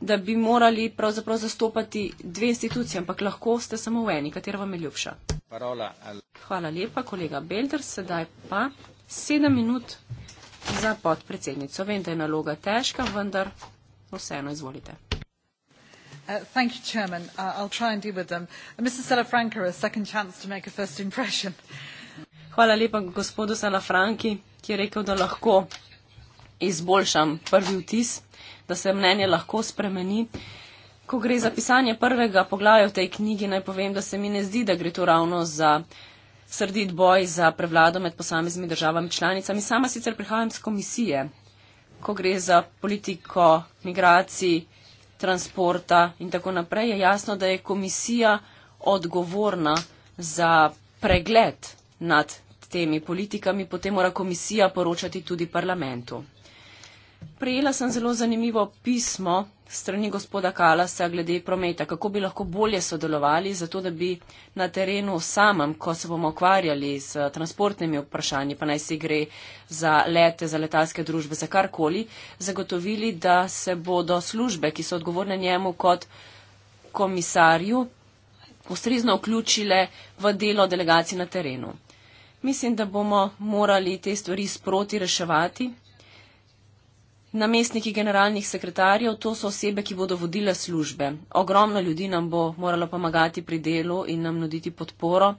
B: da bi morali pravzaprav zastopati dve institucije, ampak lahko ste samo v eni, katera vam je ljubša. Hvala lepa, kolega Belder. Sedaj pa sedem minut za podpredsednico. Vem, da je naloga težka, vendar vseeno izvolite.
C: Uh, thank you, Chairman. Uh, I'll try and deal with them. Uh, Mr. Salafranca, a second chance to make a first impression.
B: Hvala lepa gospodu Salafranki, ki je rekel, da lahko izboljšam prvi vtis, da se mnenje lahko spremeni. Ko gre za pisanje prvega poglavja v tej knjigi, naj povem, da se mi ne zdi, da gre to ravno za srdit boj za prevlado med posameznimi državami članicami. Sama sicer prihajam z komisije, ko gre za politiko migracij, transporta in tako naprej, je jasno, da je komisija odgovorna za pregled nad temi politikami, potem mora komisija poročati tudi parlamentu. Prejela sem zelo zanimivo pismo strani gospoda Kalasa glede prometa, kako bi lahko bolje sodelovali, zato da bi na terenu samem, ko se bomo ukvarjali s transportnimi vprašanji, pa naj se gre za lete, za letalske družbe, za karkoli, zagotovili, da se bodo službe, ki so odgovorne njemu kot komisarju, ustrezno vključile v delo delegacij na terenu. Mislim, da bomo morali te stvari sproti reševati namestniki generalnih sekretarjev, to so osebe, ki bodo vodile službe. Ogromno ljudi nam bo moralo pomagati pri delu in nam nuditi podporo.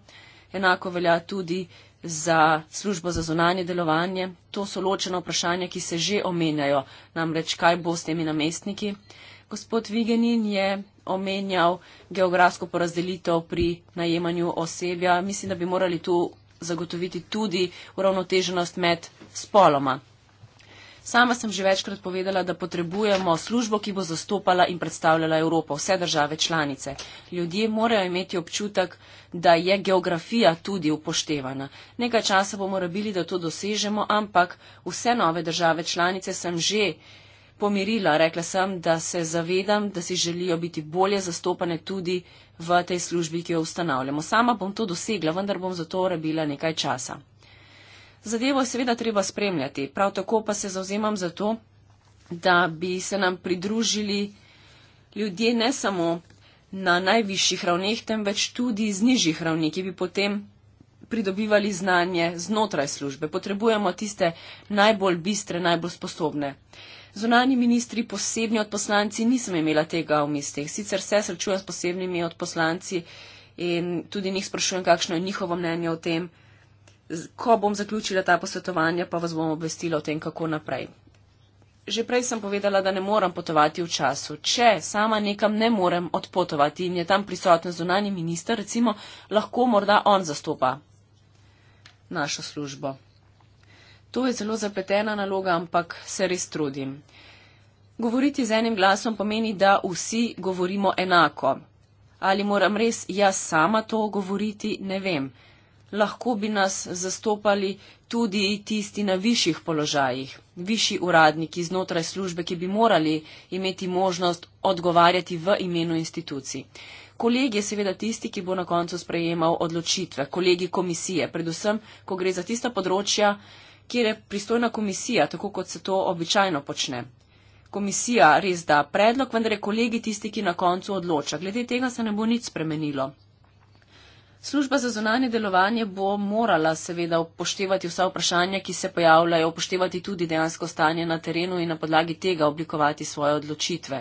B: Enako velja tudi za službo za zunanje delovanje. To so ločena vprašanja, ki se že omenjajo, namreč kaj bo s temi namestniki. Gospod Vigenin je omenjal geografsko porazdelitev pri najemanju osebja. Mislim, da bi morali tu zagotoviti tudi uravnoteženost med spoloma. Sama sem že večkrat povedala, da potrebujemo službo, ki bo zastopala in predstavljala Evropo, vse države članice. Ljudje morajo imeti občutek, da je geografija tudi upoštevana. Nekaj časa bomo rabili, da to dosežemo, ampak vse nove države članice sem že pomirila. Rekla sem, da se zavedam, da si želijo biti bolje zastopane tudi v tej službi, ki jo ustanavljamo. Sama bom to dosegla, vendar bom za to rabila nekaj časa. Zadevo seveda treba spremljati. Prav tako pa se zauzemam za to, da bi se nam pridružili ljudje ne samo na najvišjih ravneh, temveč tudi z nižjih ravni, ki bi potem pridobivali znanje znotraj službe. Potrebujemo tiste najbolj bistre, najbolj sposobne. Zunani ministri, posebni odposlanci, nisem imela tega v mislih. Sicer se srečujem s posebnimi odposlanci in tudi njih sprašujem, kakšno je njihovo mnenje o tem ko bom zaključila ta posvetovanja, pa vas bom obvestila o tem, kako naprej. Že prej sem povedala, da ne moram potovati v času. Če sama nekam ne morem odpotovati in je tam prisoten zunani minister, recimo, lahko morda on zastopa našo službo. To je zelo zapletena naloga, ampak se res trudim. Govoriti z enim glasom pomeni, da vsi govorimo enako. Ali moram res jaz sama to govoriti, ne vem lahko bi nas zastopali tudi tisti na višjih položajih, višji uradniki znotraj službe, ki bi morali imeti možnost odgovarjati v imenu institucij. Kolegi je seveda tisti, ki bo na koncu sprejemal odločitve, kolegi komisije, predvsem, ko gre za tista področja, kjer je pristojna komisija, tako kot se to običajno počne. Komisija res da predlog, vendar je kolegi tisti, ki na koncu odloča. Glede tega se ne bo nič spremenilo. Služba za zunanje delovanje bo morala seveda upoštevati vsa vprašanja, ki se pojavljajo, upoštevati tudi dejansko stanje na terenu in na podlagi tega oblikovati svoje odločitve.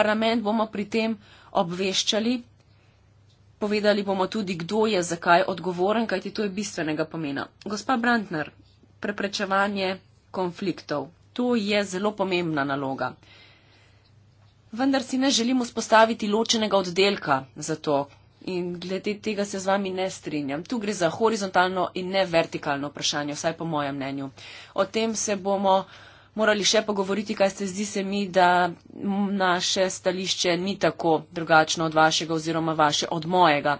B: Parlament bomo pri tem obveščali, povedali bomo tudi, kdo je zakaj odgovoren, kajti to je bistvenega pomena. Gospa Brandner, preprečevanje konfliktov, to je zelo pomembna naloga. Vendar si ne želimo spostaviti ločenega oddelka za to, in glede tega se z vami ne strinjam. Tu gre za horizontalno in ne vertikalno vprašanje, vsaj po mojem mnenju. O tem se bomo morali še pogovoriti, kaj se zdi se mi, da naše stališče ni tako drugačno od vašega oziroma vaše od mojega.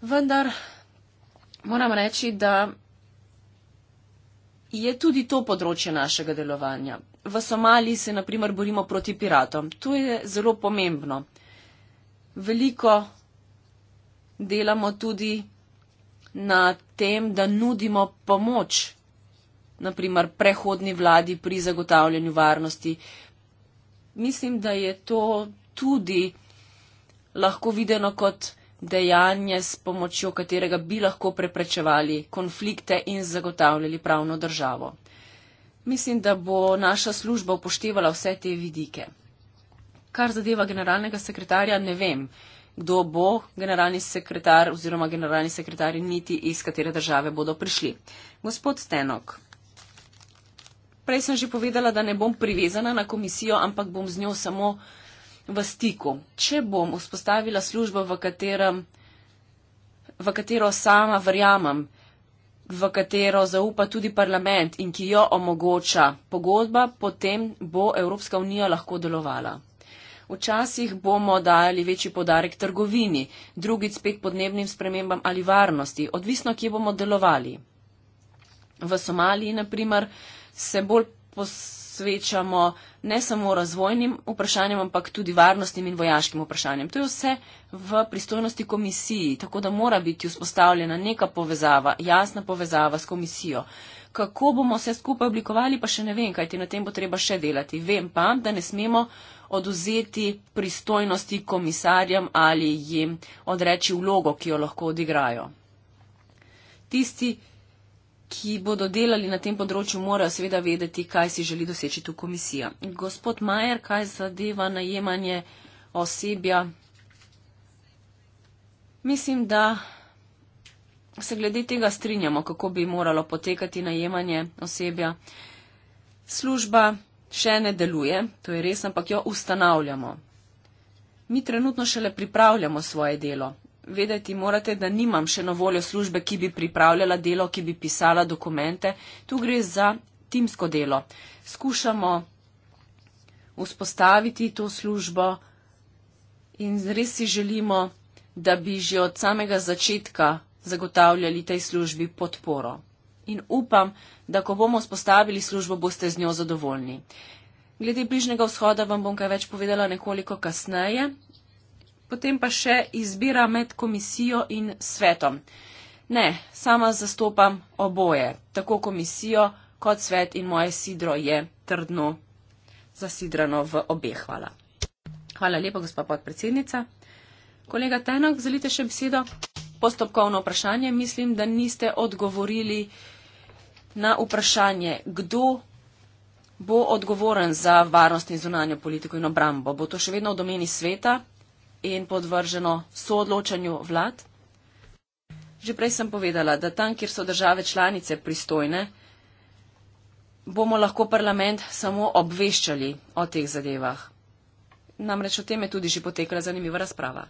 B: Vendar moram reči, da je tudi to področje našega delovanja. V Somaliji se naprimer borimo proti piratom. To je zelo pomembno veliko delamo tudi na tem, da nudimo pomoč, naprimer prehodni vladi pri zagotavljanju varnosti. Mislim, da je to tudi lahko videno kot dejanje, s pomočjo katerega bi lahko preprečevali konflikte in zagotavljali pravno državo. Mislim, da bo naša služba upoštevala vse te vidike kar zadeva generalnega sekretarja, ne vem, kdo bo generalni sekretar oziroma generalni sekretarji niti iz katere države bodo prišli. Gospod Stenok, prej sem že povedala, da ne bom privezana na komisijo, ampak bom z njo samo v stiku. Če bom vzpostavila službo, v, katerem, v katero sama verjamem, v katero zaupa tudi parlament in ki jo omogoča pogodba, potem bo Evropska unija lahko delovala. Včasih bomo dajali večji podarek trgovini, drugič spet podnebnim spremembam ali varnosti, odvisno, kje bomo delovali. V Somaliji, na primer, se bolj posvečamo ne samo razvojnim vprašanjem, ampak tudi varnostnim in vojaškim vprašanjem. To je vse v pristojnosti komisiji, tako da mora biti vzpostavljena neka povezava, jasna povezava s komisijo. Kako bomo vse skupaj oblikovali, pa še ne vem, kajti na tem bo treba še delati. Vem pa, da ne smemo oduzeti pristojnosti komisarjem ali jim odreči vlogo, ki jo lahko odigrajo. Tisti, ki bodo delali na tem področju, morajo seveda vedeti, kaj si želi doseči tu komisija. Gospod Majer, kaj zadeva najemanje osebja? Mislim, da se glede tega strinjamo, kako bi moralo potekati najemanje osebja. Služba še ne deluje, to je res, ampak jo ustanavljamo. Mi trenutno šele pripravljamo svoje delo. Vedeti morate, da nimam še na voljo službe, ki bi pripravljala delo, ki bi pisala dokumente. Tu gre za timsko delo. Skušamo vzpostaviti to službo in res si želimo, da bi že od samega začetka zagotavljali tej službi podporo in upam, da ko bomo spostavili službo, boste z njo zadovoljni. Glede bližnjega vzhoda vam bom kaj več povedala nekoliko kasneje. Potem pa še izbira med komisijo in svetom. Ne, sama zastopam oboje, tako komisijo kot svet in moje sidro je trdno zasidrano v obe. Hvala. Hvala lepa, gospa podpredsednica. Kolega Tenak, zalite še besedo. Postopkovno vprašanje, mislim, da niste odgovorili na vprašanje, kdo bo odgovoren za varnost in zunanjo politiko in obrambo. Bo to še vedno v domeni sveta in podvrženo soodločanju vlad? Že prej sem povedala, da tam, kjer so države članice pristojne, bomo lahko parlament samo obveščali o teh zadevah. Namreč o tem je tudi že potekala zanimiva razprava.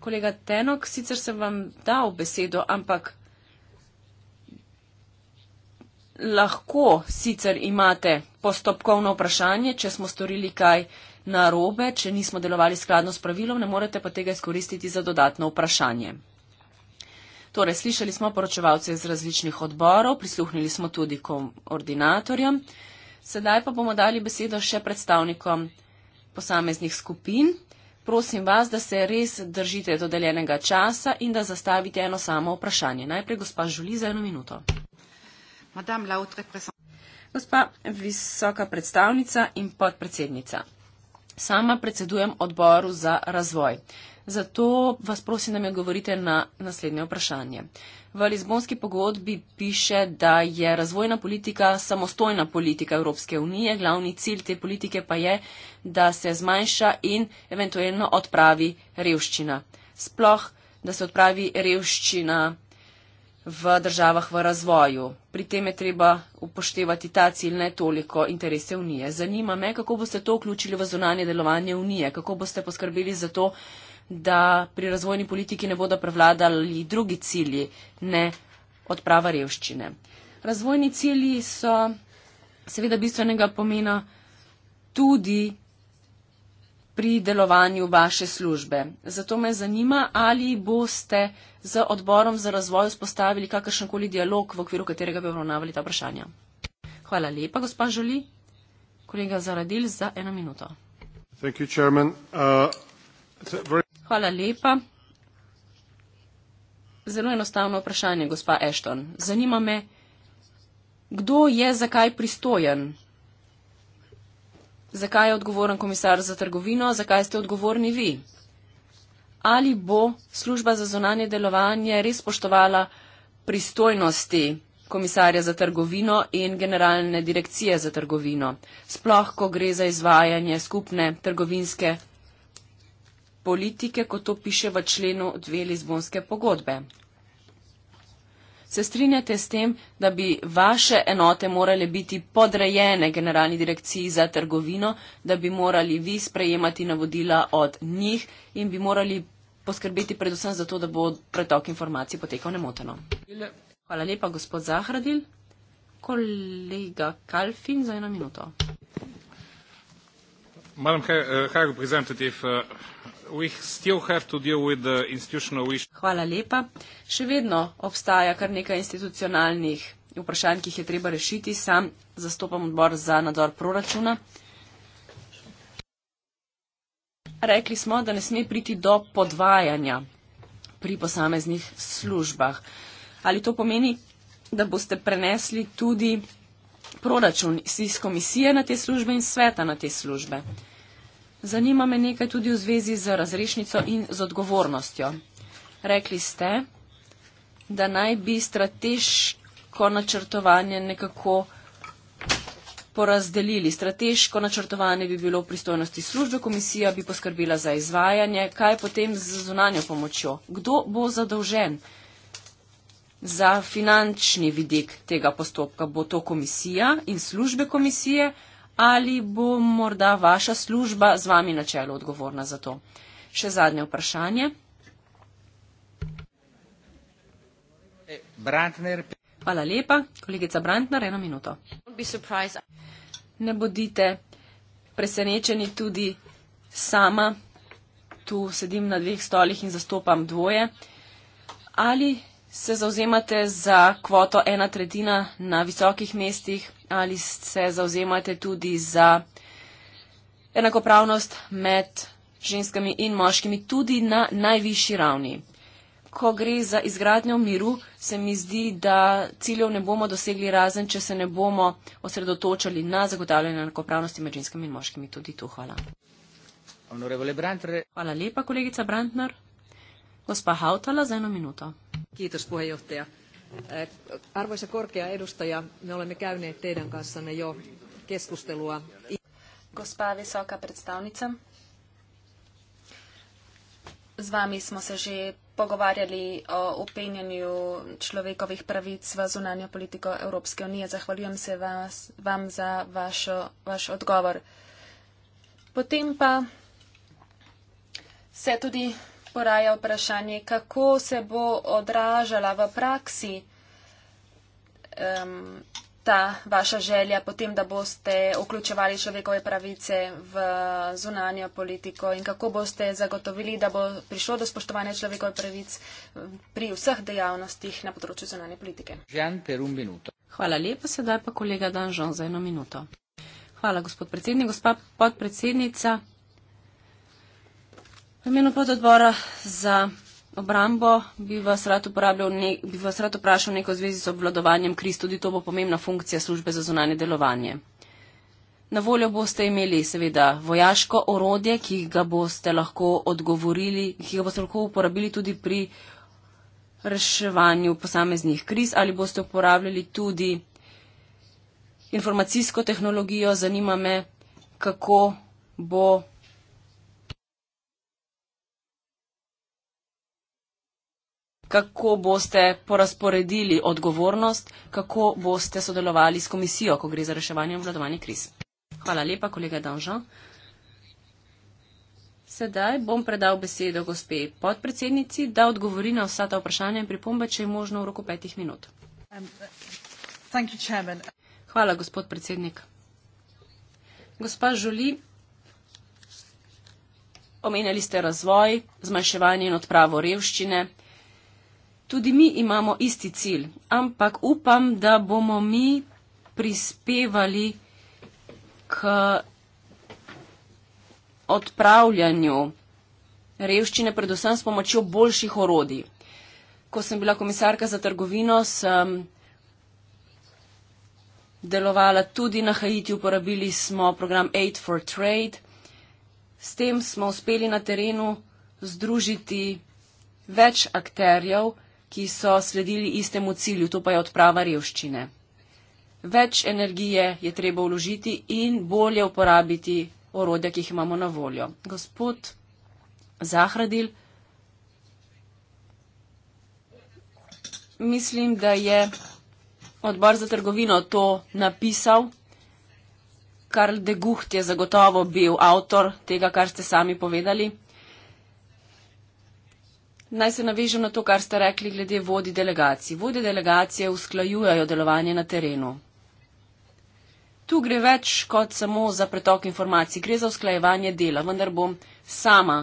B: Kolega Tenok, sicer sem vam dal besedo, ampak lahko sicer imate postopkovno vprašanje, če smo storili kaj narobe, če nismo delovali skladno s pravilom, ne morete pa tega izkoristiti za dodatno vprašanje. Torej, slišali smo poročevalce iz različnih odborov, prisluhnili smo tudi koordinatorjem. Sedaj pa bomo dali besedo še predstavnikom posameznih skupin. Prosim vas, da se res držite dodeljenega časa in da zastavite eno samo vprašanje. Najprej gospa Žuli za eno minuto. Gospa visoka predstavnica in podpredsednica, sama predsedujem odboru za razvoj. Zato vas prosim, da mi odgovorite na naslednje vprašanje. V Lizbonski pogodbi piše, da je razvojna politika samostojna politika Evropske unije. Glavni cilj te politike pa je, da se zmanjša in eventualno odpravi revščina. Sploh, da se odpravi revščina v državah v razvoju. Pri tem je treba upoštevati ta cilj, ne toliko interese Unije. Zanima me, kako boste to vključili v zunanje delovanje Unije, kako boste poskrbeli za to, da pri razvojni politiki ne bodo prevladali drugi cilji, ne odprava revščine. Razvojni cilji so seveda bistvenega pomena tudi pri delovanju vaše službe. Zato me zanima, ali boste z odborom za razvoj vzpostavili kakršen koli dialog, v okviru katerega bi obravnavali ta vprašanja. Hvala lepa, gospa Žoli. Kolega Zaradil za eno minuto.
C: You, uh, very...
B: Hvala lepa. Zelo enostavno vprašanje, gospa Ashton. Zanima me, kdo je zakaj pristojen? Zakaj je odgovoren komisar za trgovino? Zakaj ste odgovorni vi? ali bo služba za zonanje delovanje res spoštovala pristojnosti komisarja za trgovino in generalne direkcije za trgovino, sploh, ko gre za izvajanje skupne trgovinske politike, kot to piše v členu dve Lizbonske pogodbe se strinjate s tem, da bi vaše enote morale biti podrejene generalni direkciji za trgovino, da bi morali vi sprejemati navodila od njih in bi morali poskrbeti predvsem za to, da bo pretok informacij potekal nemoteno. Hvala lepa, gospod Zahradil. Kolega Kalfin za eno minuto.
C: Madam, kaj, eh, kaj Hvala
B: lepa. Še vedno obstaja kar nekaj institucionalnih vprašanj, ki jih je treba rešiti. Sam zastopam odbor za nadzor proračuna. Rekli smo, da ne sme priti do podvajanja pri posameznih službah. Ali to pomeni, da boste prenesli tudi proračun iz komisije na te službe in sveta na te službe? Zanima me nekaj tudi v zvezi z razrešnico in z odgovornostjo. Rekli ste, da naj bi strateško načrtovanje nekako porazdelili. Strateško načrtovanje bi bilo v pristojnosti službe, komisija bi poskrbila za izvajanje, kaj potem z zunanjo pomočjo. Kdo bo zadolžen za finančni vidik tega postopka? Bo to komisija in službe komisije? ali bo morda vaša služba z vami na čelu odgovorna za to? Še zadnje vprašanje. Brandner. Hvala lepa. Kolegica Brantner, eno minuto. Ne bodite presenečeni tudi sama. Tu sedim na dveh stolih in zastopam dvoje. Ali se zauzemate za kvoto ena tretjina na visokih mestih, ali se zauzemate tudi za enakopravnost med ženskami in moškimi tudi na najvišji ravni. Ko gre za izgradnjo miru, se mi zdi, da ciljev ne bomo dosegli razen, če se ne bomo osredotočali na zagotavljanje enakopravnosti med ženskami in moškimi. Tudi tu hvala. Hvala lepa, kolegica Brantner. Gospa Hautala, za eno minuto. Kiitos puheenjohtaja. Eh, arvoisa korkea edustaja, me olemme käyneet teidän
C: kanssanne jo keskustelua. Gospa visoka predstavnica, z vami smo se že pogovarjali o upenjanju človekovih pravic v zunanjo politiko Evropske unije. Zahvaljujem se vas, vam za vašo, vaš odgovor. Potem pa se tudi poraja vprašanje, kako se bo odražala v praksi um, ta vaša želja potem, da boste vključevali človekove pravice v zunanjo politiko in kako boste zagotovili, da bo prišlo do spoštovanja človekove pravic pri vseh dejavnostih na področju zunanje politike.
B: Hvala lepa, sedaj pa kolega Danžon za eno minuto. Hvala, gospod predsednik, gospod podpredsednica. V imenu pododbora za obrambo bi vas, bi vas rad vprašal neko zvezi z obvladovanjem kriz, tudi to bo pomembna funkcija službe za zunanje delovanje. Na voljo boste imeli seveda vojaško orodje, ki ga boste lahko odgovorili, ki ga boste lahko uporabili tudi pri reševanju posameznih kriz ali boste uporabljali tudi informacijsko tehnologijo. Zanima me, kako bo kako boste porazporedili odgovornost, kako boste sodelovali s komisijo, ko gre za reševanje in vladovanje kriz. Hvala lepa, kolega Danžan. Sedaj bom predal besedo gospe podpredsednici, da odgovori na vsa ta vprašanja in pripombe, če je možno v roku petih minut. Um, Hvala, gospod predsednik. Gospa Žuli, omenjali ste razvoj, zmanjševanje in odpravo revščine. Tudi mi imamo isti cilj, ampak upam, da bomo mi prispevali k odpravljanju revščine, predvsem s pomočjo boljših orodij. Ko sem bila komisarka za trgovino, sem delovala tudi na Haiti, uporabili smo program Aid for Trade. S tem smo uspeli na terenu združiti več akterjev, ki so sledili istemu cilju, to pa je odprava revščine. Več energije je treba vložiti in bolje uporabiti orodja, ki jih imamo na voljo. Gospod Zahradil, mislim, da je odbor za trgovino to napisal. Karl de Gucht je zagotovo bil avtor tega, kar ste sami povedali. Naj se navežem na to, kar ste rekli glede vodi delegacij. Vodi delegacije usklajujajo delovanje na terenu. Tu gre več kot samo za pretok informacij, gre za usklajevanje dela, vendar bom sama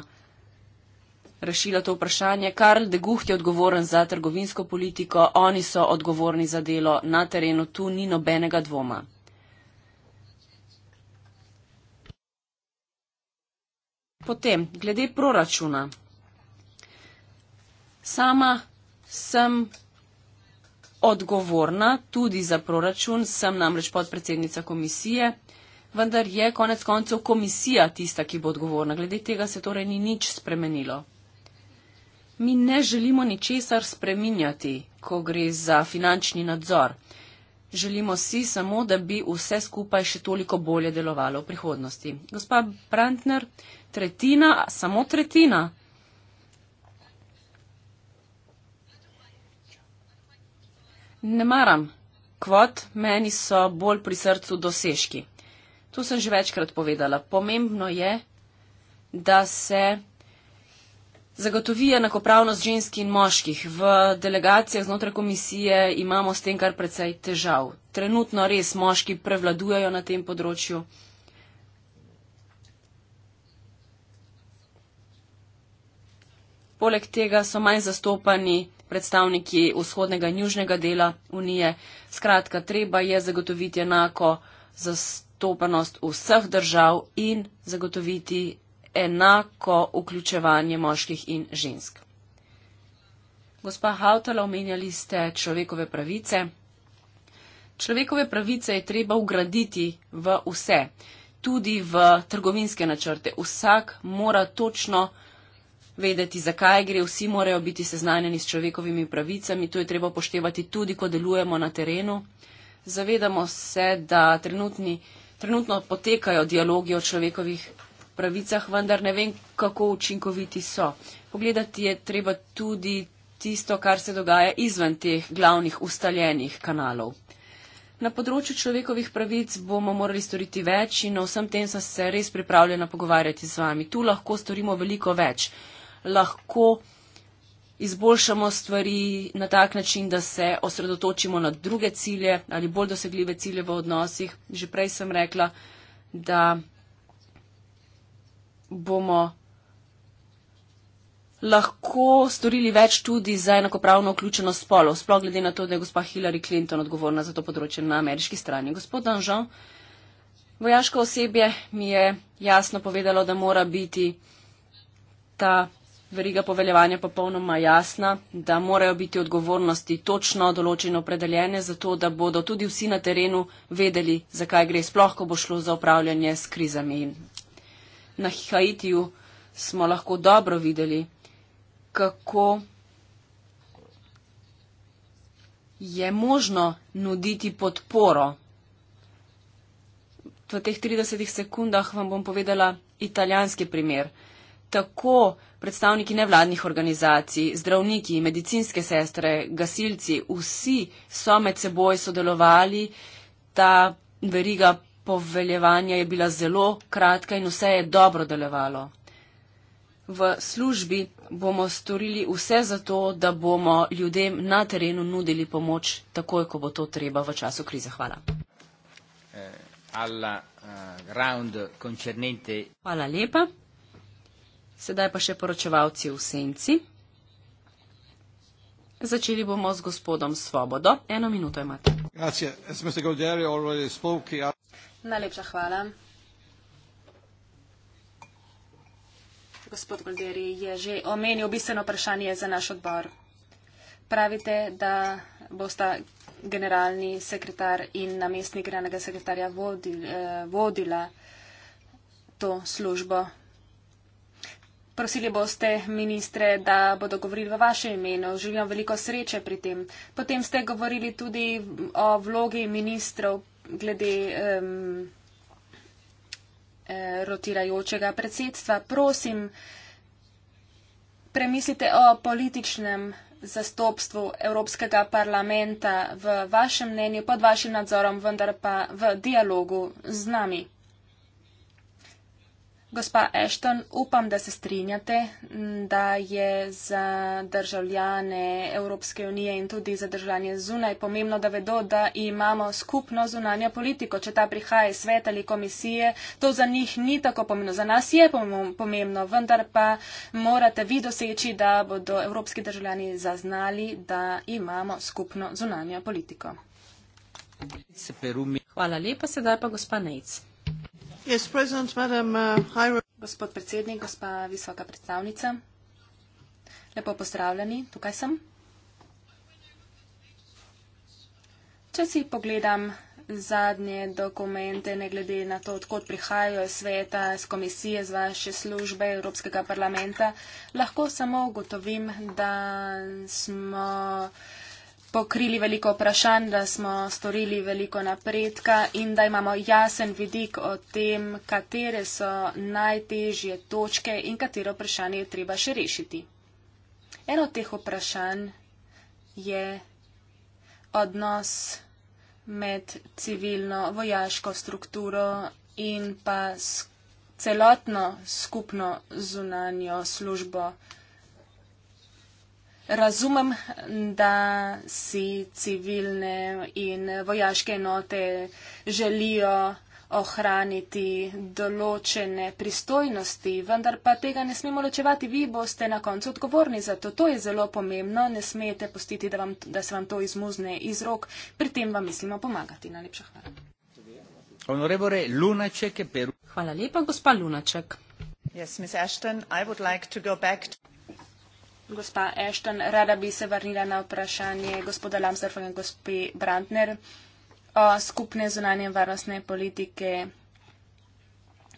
B: rešila to vprašanje. Karl de Gucht je odgovoren za trgovinsko politiko, oni so odgovorni za delo na terenu, tu ni nobenega dvoma. Potem, glede proračuna. Sama sem odgovorna tudi za proračun, sem namreč podpredsednica komisije, vendar je konec koncev komisija tista, ki bo odgovorna. Glede tega se torej ni nič spremenilo. Mi ne želimo ničesar spreminjati, ko gre za finančni nadzor. Želimo si samo, da bi vse skupaj še toliko bolje delovalo v prihodnosti. Gospa Brantner, tretjina, samo tretjina Ne maram. Kvot meni so bolj pri srcu dosežki. To sem že večkrat povedala. Pomembno je, da se zagotovi enakopravnost žensk in moških. V delegacijah znotraj komisije imamo s tem kar precej težav. Trenutno res moški prevladujejo na tem področju. Poleg tega so manj zastopani predstavniki vzhodnega in južnega dela unije. Skratka, treba je zagotoviti enako zastopanost vseh držav in zagotoviti enako vključevanje moških in žensk. Gospa Hautala, omenjali ste človekove pravice. Človekove pravice je treba ugraditi v vse, tudi v trgovinske načrte. Vsak mora točno vedeti, zakaj gre, vsi morajo biti seznanjeni s človekovimi pravicami, to je treba poštevati tudi, ko delujemo na terenu. Zavedamo se, da trenutni, trenutno potekajo dialogi o človekovih pravicah, vendar ne vem, kako učinkoviti so. Pogledati je treba tudi tisto, kar se dogaja izven teh glavnih ustaljenih kanalov. Na področju človekovih pravic bomo morali storiti več in o vsem tem sem se res pripravljena pogovarjati z vami. Tu lahko storimo veliko več lahko izboljšamo stvari na tak način, da se osredotočimo na druge cilje ali bolj dosegljive cilje v odnosih. Že prej sem rekla, da bomo lahko storili več tudi za enakopravno vključenost spolov, sploh glede na to, da je gospa Hillary Clinton odgovorna za to področje na ameriški strani. Gospod Danžan, vojaško osebje mi je jasno povedalo, da mora biti ta veriga poveljevanja popolnoma jasna, da morajo biti odgovornosti točno določeno opredeljene, zato da bodo tudi vsi na terenu vedeli, zakaj gre sploh, ko bo šlo za upravljanje s krizami. Na Haitiju smo lahko dobro videli, kako je možno nuditi podporo. V teh 30 sekundah vam bom povedala italijanski primer tako predstavniki nevladnih organizacij, zdravniki, medicinske sestre, gasilci, vsi so med seboj sodelovali, ta veriga poveljevanja je bila zelo kratka in vse je dobro delovalo. V službi bomo storili vse za to, da bomo ljudem na terenu nudili pomoč, takoj, ko bo to treba v času krize. Hvala. Eh, eh, Hvala lepa. Sedaj pa še poročevalci v senci. Začeli bomo z gospodom Svobodo. Eno minuto imate.
C: Najlepša hvala. Gospod Golderi je že omenil bistveno vprašanje za naš odbor. Pravite, da bosta generalni sekretar in namestnik generalnega sekretarja vodil, eh, vodila to službo Prosili boste ministre, da bodo govorili v vaše imeno. Želim veliko sreče pri tem. Potem ste govorili tudi o vlogi ministrov glede um, rotirajočega predsedstva. Prosim, premislite o političnem zastopstvu Evropskega parlamenta v vašem mnenju pod vašim nadzorom, vendar pa v dialogu z nami. Gospa Ashton, upam, da se strinjate, da je za državljane Evropske unije in tudi za državljanje zunaj pomembno, da vedo, da imamo skupno zunanjo politiko. Če ta prihaja iz sveta ali komisije, to za njih ni tako pomembno. Za nas je pomembno, vendar pa morate vi doseči, da bodo evropski državljani zaznali, da imamo skupno zunanjo politiko. Hvala lepa, sedaj pa gospa Nejc. Yes, President, Madam, uh, high... Gospod predsednik, gospa visoka predstavnica, lepo pozdravljeni, tukaj sem. Če si pogledam zadnje dokumente, ne glede na to, odkot prihajajo iz sveta, iz komisije, iz vaše službe Evropskega parlamenta, lahko samo ugotovim, da smo pokrili veliko vprašanj, da smo storili veliko napredka in da imamo jasen vidik o tem, katere so najtežje točke in katero vprašanje je treba še rešiti. Eno od teh vprašanj je odnos med civilno vojaško strukturo in pa celotno skupno zunanjo službo. Razumem, da si civilne in vojaške enote želijo ohraniti določene pristojnosti, vendar pa tega ne smemo ločevati. Vi boste na koncu odgovorni za to. To je zelo pomembno. Ne smete postiti, da, vam, da se vam to izmuzne iz rok. Pri tem vam mislimo pomagati. Najlepša
B: hvala. Hvala lepa, gospa Lunaček.
C: Yes, gospa Ashton. Rada bi se vrnila na vprašanje gospoda Lamsdorfa in gospe Brandner o skupne zunanje varnostne politike,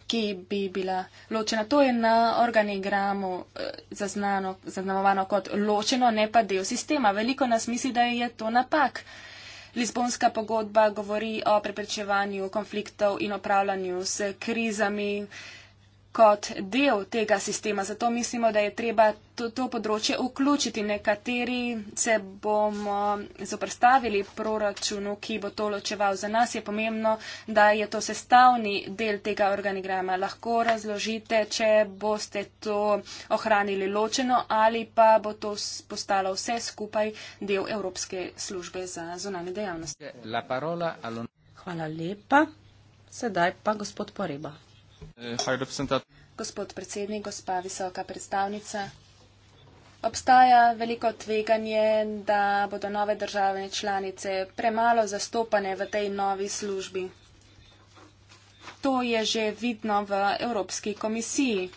C: ki bi bila ločena. To je na organigramu eh, zaznano, zaznamovano kot ločeno, ne pa del sistema. Veliko nas misli, da je to napak. Lizbonska pogodba govori o preprečevanju konfliktov in upravljanju s krizami. Uh, kot del tega sistema. Zato mislimo, da je treba to, to področje vključiti. Nekateri se bomo zoprstavili proračunu, ki bo to ločeval. Za nas je pomembno, da je to sestavni del tega organigrama. Lahko razložite, če boste to ohranili ločeno ali pa bo to postalo vse skupaj del Evropske službe za zonanje dejavnosti. Hvala lepa. Sedaj pa gospod Poreba. Gospod predsednik, gospa visoka predstavnica. Obstaja veliko tveganje, da bodo nove države članice premalo zastopane v tej novi službi. To je že vidno v Evropski komisiji.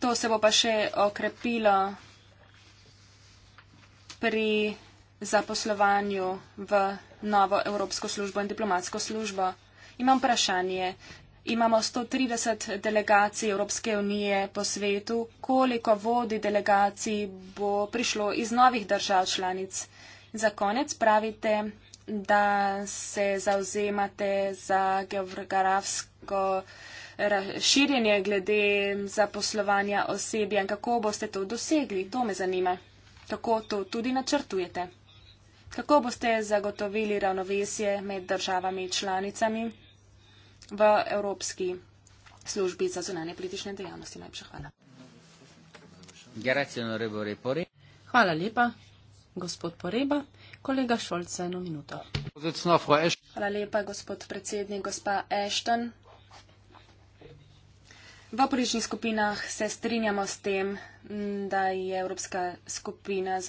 C: To se bo pa še okrepilo pri zaposlovanju v novo Evropsko službo in diplomatsko službo. Imam vprašanje. Imamo 130 delegacij Evropske unije po svetu. Koliko vodi delegacij bo prišlo iz novih držav članic? Za konec pravite, da se zauzemate za geografsko širjenje glede zaposlovanja osebja in kako boste to dosegli. To me zanima. Kako to tudi načrtujete? Kako boste zagotovili ravnovesje med državami članicami v Evropski službi za zunanje politične dejavnosti? Najprej hvala. Hvala lepa, gospod Poreba.
B: Kolega Šolce, eno minuto.
C: Hvala lepa, gospod predsednik, gospa Ashton. V prejšnjih skupinah se strinjamo s tem, da je Evropska skupina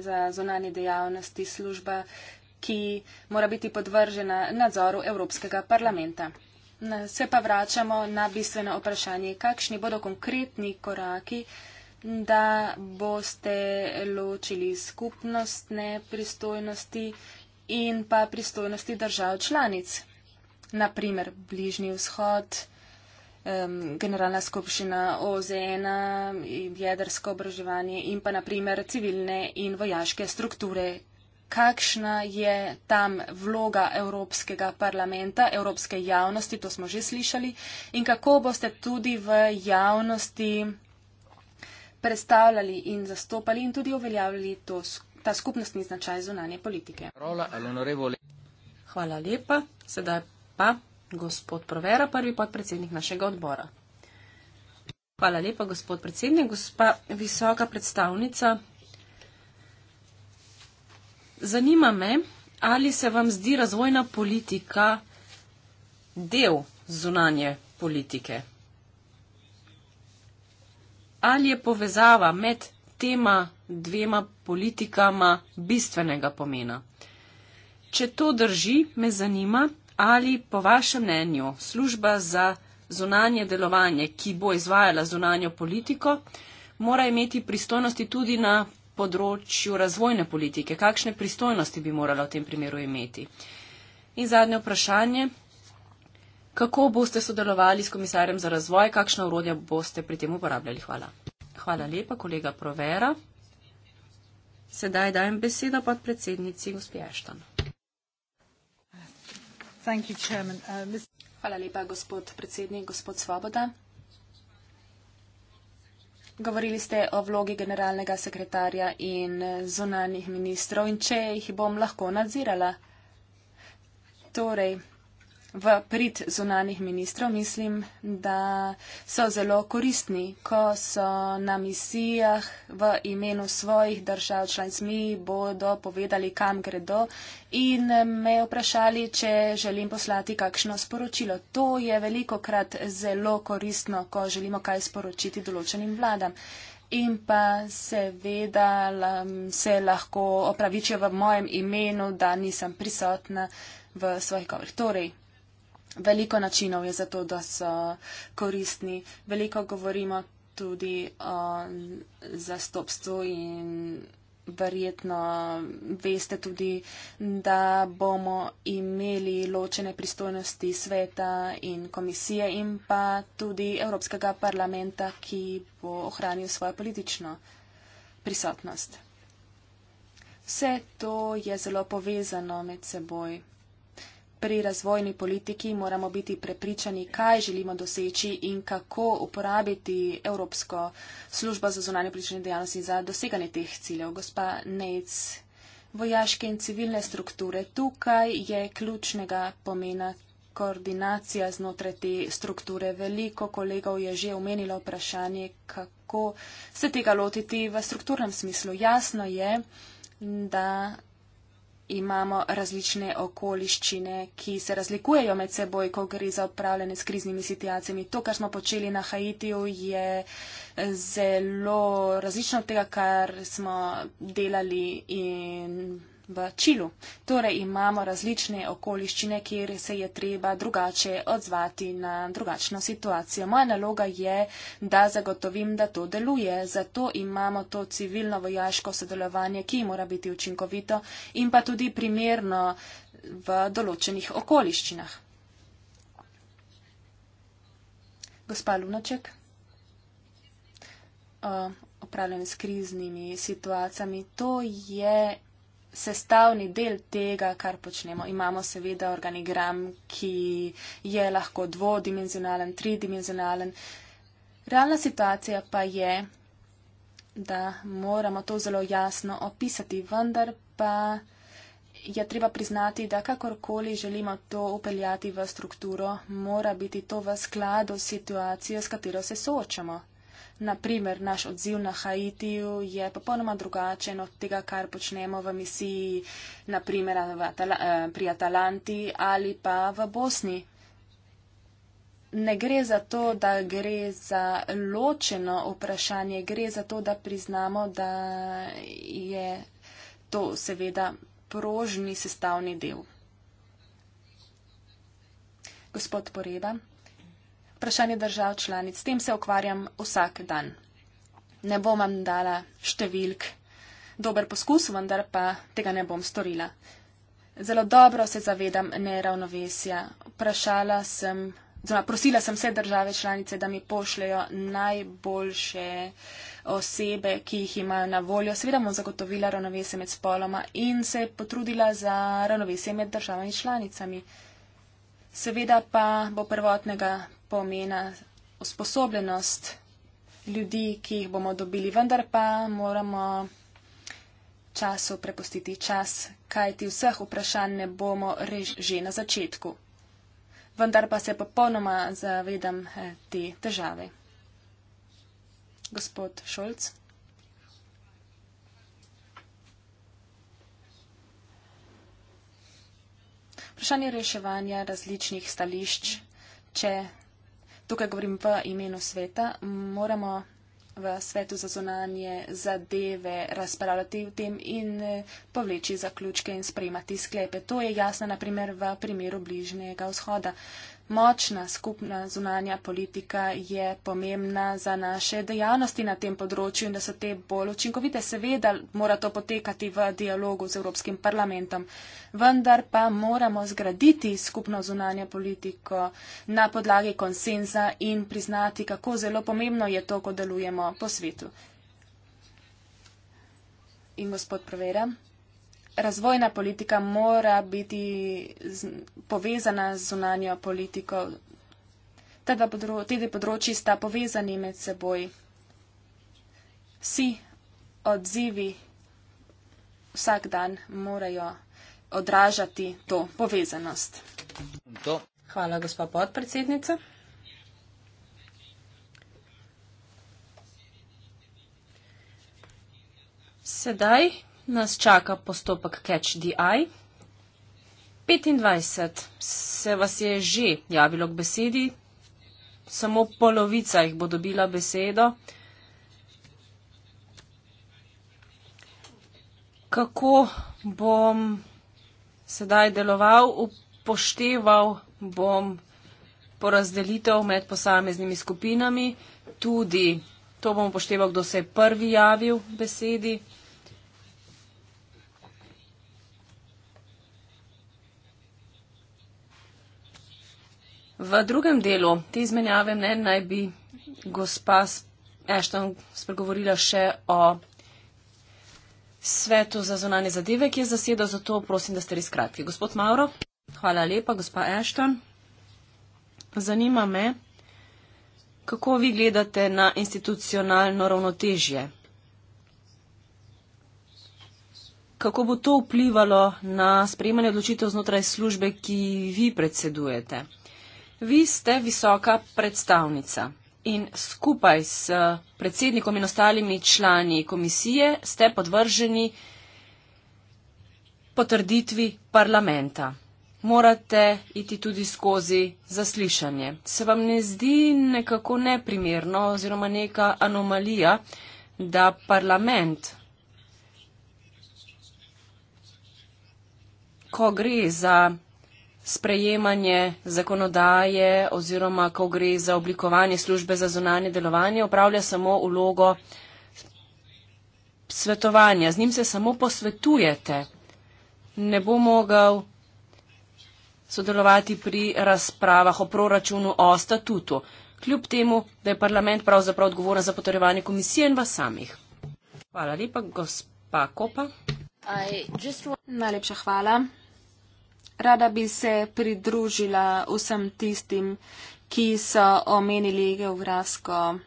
C: za zonanje dejavnosti služba, ki mora biti podvržena nadzoru Evropskega parlamenta. Se pa vračamo na bistveno vprašanje, kakšni bodo konkretni koraki, da boste ločili skupnostne pristojnosti in pa pristojnosti držav članic, naprimer Bližnji vzhod um, generalna skupščina OZN, jedrsko obraževanje in pa naprimer civilne in vojaške strukture. Kakšna je tam vloga Evropskega parlamenta, Evropske javnosti, to smo že slišali, in kako boste tudi v javnosti predstavljali in zastopali in tudi uveljavljali to, ta skupnostni značaj zunanje politike. Hvala lepa. Sedaj pa gospod Provera, prvi podpredsednik našega odbora.
B: Hvala lepa, gospod predsednik. Gospa visoka predstavnica, zanima me, ali se vam zdi razvojna politika del zunanje politike. Ali je povezava med tema dvema politikama bistvenega pomena? Če to drži, me zanima, ali po vašem mnenju služba za zunanje delovanje, ki bo izvajala zunanjo politiko, mora imeti pristojnosti tudi na področju razvojne politike. Kakšne pristojnosti bi morala v tem primeru imeti? In zadnje vprašanje. Kako boste sodelovali s komisarjem za razvoj, kakšna urodja boste pri tem uporabljali? Hvala. Hvala lepa, kolega Provera. Sedaj dajem besedo podpredsednici gospod Ještano.
C: Uh, Hvala lepa, gospod predsednik, gospod Svoboda. Govorili ste o vlogi generalnega sekretarja in eh, zunanjih ministrov in če jih bom lahko nadzirala. Torej, v prid zunanih ministrov, mislim, da so zelo koristni, ko so na misijah v imenu svojih držav članic, mi bodo povedali, kam gredo in me vprašali, če želim poslati kakšno sporočilo. To je veliko krat zelo koristno, ko želimo kaj sporočiti določenim vladam. In pa seveda se lahko opravičijo v mojem imenu, da nisem prisotna v svojih govorih. Torej, veliko načinov je za to, da so koristni. Veliko govorimo tudi o zastopstvu in verjetno veste tudi, da bomo imeli ločene pristojnosti sveta in komisije in pa tudi Evropskega parlamenta, ki bo ohranil svojo politično prisotnost. Vse to je zelo povezano med seboj pri razvojni politiki moramo biti prepričani, kaj želimo doseči in kako uporabiti Evropsko službo za zunanje politične dejavnosti za doseganje teh ciljev. Gospa Nec, vojaške in civilne strukture, tukaj je ključnega pomena koordinacija znotraj te strukture. Veliko kolegov je že omenilo vprašanje, kako se tega lotiti v strukturnem smislu. Jasno je, da imamo različne okoliščine, ki se razlikujejo med seboj, ko gre za upravljanje s kriznimi situacijami. To, kar smo počeli na Haitiju, je zelo različno od tega, kar smo delali in v Čilu. Torej imamo različne okoliščine, kjer se je treba drugače odzvati na drugačno situacijo. Moja naloga je, da zagotovim, da to deluje. Zato imamo to civilno-vojaško sodelovanje, ki mora biti učinkovito in pa tudi primerno v določenih okoliščinah. Gospa Lunaček, opravljanje s kriznimi situacijami, to je sestavni del tega, kar počnemo. Imamo seveda organigram, ki je lahko dvodimenzionalen, tridimenzionalen. Realna situacija pa je, da moramo to zelo jasno opisati, vendar pa je treba priznati, da kakorkoli želimo to upeljati v strukturo, mora biti to v skladu s situacijo, s katero se soočamo naprimer, naš odziv na Haitiju je popolnoma drugačen od tega, kar počnemo v misiji, naprimer v Atala, eh, pri Atalanti ali pa v Bosni. Ne gre za to, da gre za ločeno vprašanje, gre za to, da priznamo, da je to seveda prožni sestavni del. Gospod Poreba vprašanje držav članic. S tem se ukvarjam vsak dan. Ne bom vam dala številk. Dober poskus, vendar pa tega ne bom storila. Zelo dobro se zavedam neravnovesja. Vprašala sem, zelo prosila sem vse države članice, da mi pošljajo najboljše osebe, ki jih imajo na voljo. Seveda bom zagotovila ravnovesje med spoloma in se potrudila za ravnovesje med državami članicami. Seveda pa bo prvotnega pomena usposobljenost ljudi, ki jih bomo dobili, vendar pa moramo času prepustiti čas, kajti vseh vprašanj ne bomo rešili že na začetku. Vendar pa se popolnoma zavedam eh, te težave. Gospod Šolc. Vprašanje reševanja različnih stališč, če tukaj govorim v imenu sveta, moramo v svetu za zunanje zadeve razpravljati v tem in eh, povleči zaključke in sprejmati sklepe. To je jasno, naprimer, v primeru bližnjega vzhoda. Močna skupna zunanja politika je pomembna za naše dejavnosti na tem področju in da so te bolj učinkovite. Seveda mora to potekati v dialogu z Evropskim parlamentom, vendar pa moramo zgraditi skupno zunanja politiko na podlagi konsenza in priznati, kako zelo pomembno je to, ko delujemo po svetu. In gospod Provera razvojna politika mora biti z, povezana z zunanjo politiko. Te dve podro, področji sta povezani med seboj. Vsi odzivi vsak dan morajo odražati to povezanost. Hvala, gospa podpredsednica.
B: Sedaj nas čaka postopek Catch the Eye. 25 se vas je že javilo k besedi, samo polovica jih bo dobila besedo. Kako bom sedaj deloval, upošteval bom porazdelitev med posameznimi skupinami, tudi to bom upošteval, kdo se je prvi javil besedi. V drugem delu te izmenjave mnen naj bi gospa Ashton spregovorila še o svetu za zonanje zadeve, ki je zasedal, zato prosim, da ste res kratki. Gospod Mauro, hvala lepa, gospa Ashton. Zanima me, kako vi gledate na institucionalno ravnotežje? Kako bo to vplivalo na sprejemanje odločitev znotraj službe, ki vi predsedujete? Vi ste visoka predstavnica in skupaj s predsednikom in ostalimi člani komisije ste podvrženi potrditvi parlamenta. Morate iti tudi skozi zaslišanje. Se vam ne zdi nekako neprimerno oziroma neka anomalija, da parlament, ko gre za sprejemanje zakonodaje oziroma ko gre za oblikovanje službe za zunanje delovanje, upravlja samo vlogo svetovanja. Z njim se samo posvetujete. Ne bo mogel sodelovati pri razpravah o proračunu, o statutu, kljub temu, da je parlament pravzaprav odgovoren za potrjevanje komisije in vas samih. Hvala lepa, gospa Kopa.
C: Najlepša hvala. Rada bi se pridružila vsem tistim, ki so omenili geografsko eh,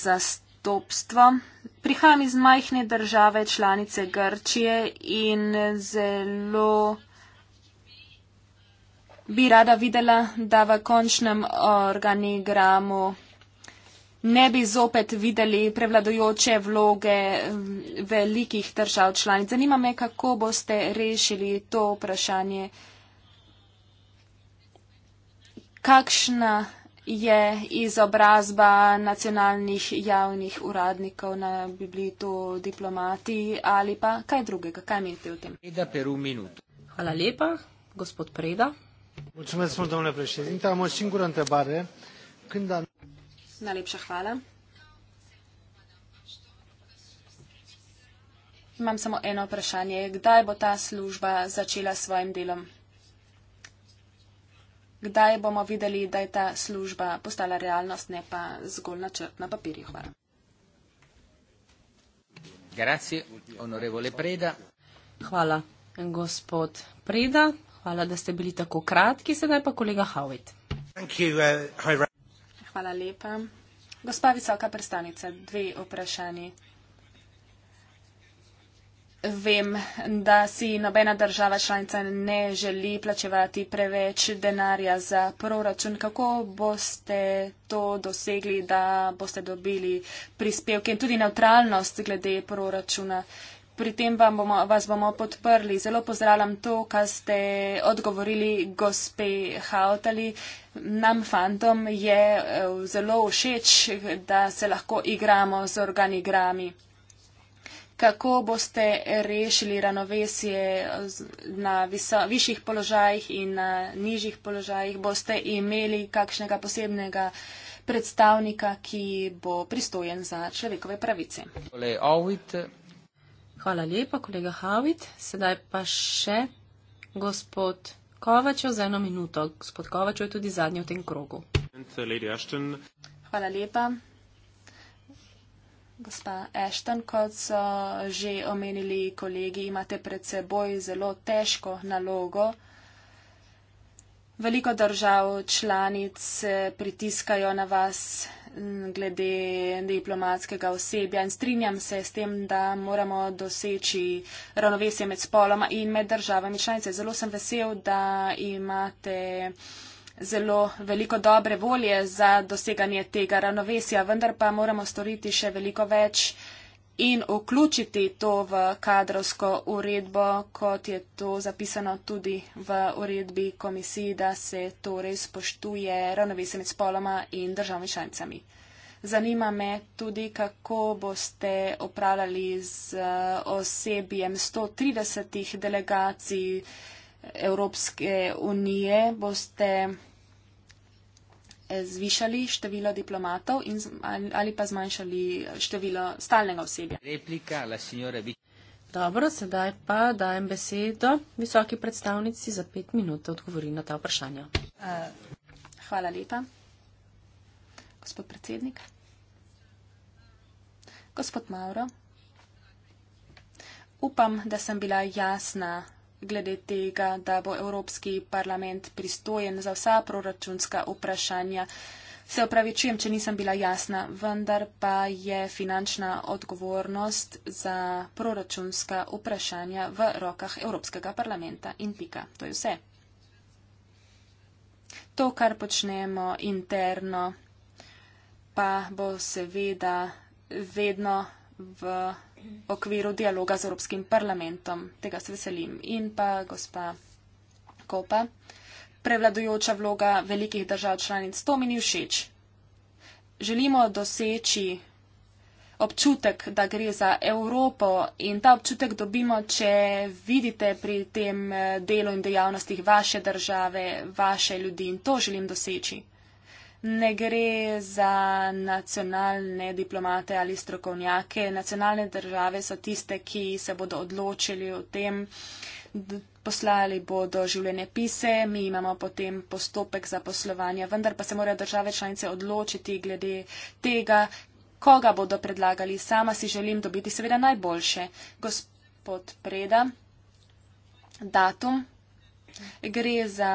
C: zastopstvo. Prihajam iz majhne države, članice Grčije in zelo bi rada videla, da v končnem organigramu ne bi zopet videli prevladojoče vloge mm, velikih držav članic. Zanima me, kako boste rešili to vprašanje. Kakšna je izobrazba nacionalnih javnih uradnikov, na bi bili to diplomati ali pa kaj drugega? Kaj menite o tem?
B: Hvala lepa, gospod Preda. Mulțumesc, domnule președinte. Am o singură întrebare.
C: Când am... Najlepša hvala. Imam samo eno vprašanje. Kdaj bo ta služba začela s svojim delom? Kdaj bomo videli, da je ta služba postala realnost, ne pa zgolj načrt na papirju? Hvala.
B: Hvala, gospod Preda. Hvala, da ste bili tako kratki. Sedaj pa kolega Howitt.
C: Hvala lepa. Gospa visoka predstavnica, dve vprašanje. Vem, da si nobena država članica ne želi plačevati preveč denarja za proračun. Kako boste to dosegli, da boste dobili prispevke in tudi neutralnost glede proračuna? Pri tem bomo, vas bomo podprli. Zelo pozdravljam to, kar ste odgovorili gospe Hautali. Nam fantom je eh, zelo všeč, da se lahko igramo z organigrami. Kako boste rešili ravnovesje eh, na višjih položajih in na nižjih položajih? Boste imeli kakšnega posebnega predstavnika, ki bo pristojen za človekove pravice?
B: Hvala lepa, kolega Havit. Sedaj pa še gospod. Kovačev za eno minuto. Gospod Kovačev je tudi zadnji v tem krogu.
C: Hvala lepa. Gospa Ashton, kot so že omenili kolegi, imate pred seboj zelo težko nalogo. Veliko držav članic eh, pritiskajo na vas glede diplomatskega osebja in strinjam se s tem, da moramo doseči ravnovesje med spoloma in med državami članice. Zelo sem vesel, da imate zelo veliko dobre volje za doseganje tega ravnovesja, vendar pa moramo storiti še veliko več in vključiti to v kadrovsko uredbo, kot je to zapisano tudi v uredbi komisiji, da se torej spoštuje ravnovesje med spoloma in državami članicami. Zanima me tudi, kako boste upravljali z osebjem 130 delegacij Evropske unije. Boste zvišali število diplomatov in, ali pa zmanjšali število stalnega osebja.
B: Replika,
C: Dobro, sedaj pa dajem besedo visoki predstavnici
B: za pet minut, da odgovori na ta vprašanja.
C: Eh, hvala lepa, gospod predsednik. Gospod Mauro, upam, da sem bila jasna glede tega, da bo Evropski parlament pristojen za vsa proračunska vprašanja. Se opravičujem, če nisem bila jasna, vendar pa je finančna odgovornost za proračunska vprašanja v rokah Evropskega parlamenta in pika. To je vse. To, kar počnemo interno, pa bo seveda vedno v v okviru dialoga z Evropskim parlamentom. Tega se veselim. In pa gospa Kopa, prevladujoča vloga velikih držav članic, to mi ni všeč. Želimo doseči občutek, da gre za Evropo in ta občutek dobimo, če vidite pri tem eh, delu in dejavnostih vaše države, vaše ljudi in to želim doseči ne gre za nacionalne diplomate ali strokovnjake. Nacionalne države so tiste, ki se bodo odločili o tem. Poslali bodo življenje pise, mi imamo potem postopek za poslovanje, vendar pa se morajo države članice odločiti glede tega, koga bodo predlagali. Sama si želim dobiti seveda najboljše. Gospod Preda, datum. Gre za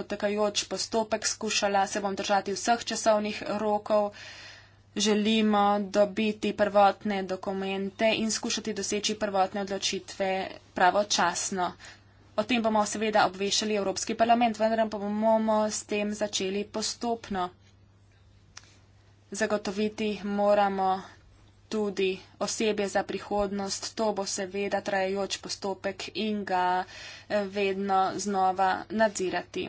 C: potekajoč postopek skušala, se bom držati vseh časovnih rokov, želimo dobiti prvotne dokumente in skušati doseči prvotne odločitve pravočasno. O tem bomo seveda obvešali Evropski parlament, vendar pa bomo s tem začeli postopno. Zagotoviti moramo tudi osebje za prihodnost, to bo seveda trajajoč postopek in ga vedno znova nadzirati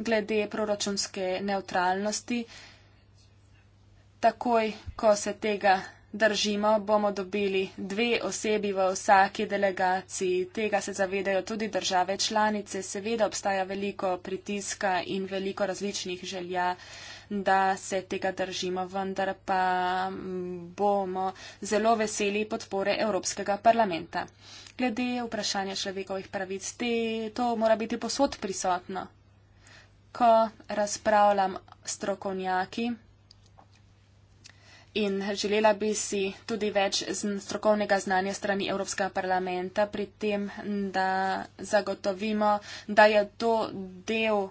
C: glede proračunske neutralnosti. Takoj, ko se tega držimo, bomo dobili dve osebi v vsaki delegaciji. Tega se zavedajo tudi države članice. Seveda obstaja veliko pritiska in veliko različnih želja, da se tega držimo, vendar pa mm, bomo zelo veseli podpore Evropskega parlamenta. Glede vprašanja človekovih pravic, te, to mora biti posod prisotno ko razpravljam strokovnjaki in želela bi si tudi več strokovnega znanja strani Evropskega parlamenta pri tem, da zagotovimo, da je to del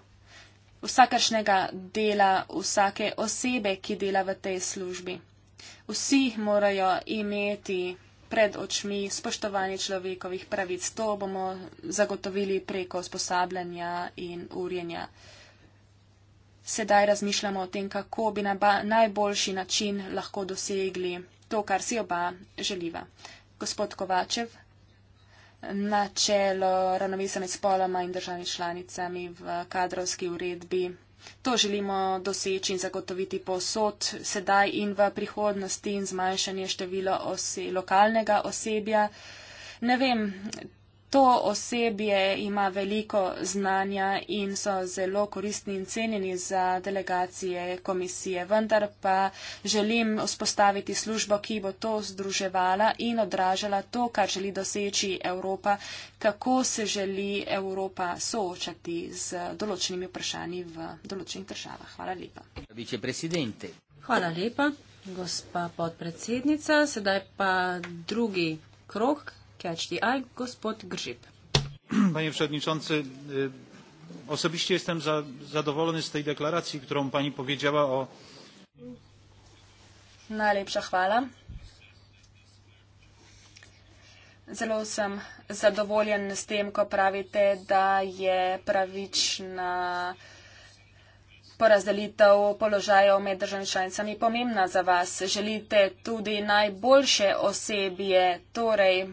C: vsakršnega dela vsake osebe, ki dela v tej službi. Vsi morajo imeti pred očmi spoštovanje človekovih pravic. To bomo zagotovili preko usposabljanja in urjenja sedaj razmišljamo o tem, kako bi na najboljši način lahko dosegli to, kar si oba želiva. Gospod Kovačev, načelo ravnovesja med spoloma in državnimi članicami v kadrovski uredbi. To želimo doseči in zagotoviti posod sedaj in v prihodnosti in zmanjšanje števila ose, lokalnega osebja. Ne vem, to osebje ima veliko znanja in so zelo koristni in cenjeni za delegacije komisije. Vendar pa želim vzpostaviti službo, ki bo to združevala in odražala to, kar želi doseči Evropa, kako se želi Evropa soočati z določenimi vprašanji v določenih državah. Hvala lepa.
B: Hvala lepa, gospa podpredsednica. Sedaj pa drugi krok,
C: panie przewodniczący!
B: osobiście jestem zadowolony z tej deklaracji którą pani powiedziała o
C: najlepsza chwala. Zelo sem zadovoljen s tem, ko pravite, da je pravična porazdelitev položajev med državami članicami pomembna za vas. Želite tudi najboljše osebje, torej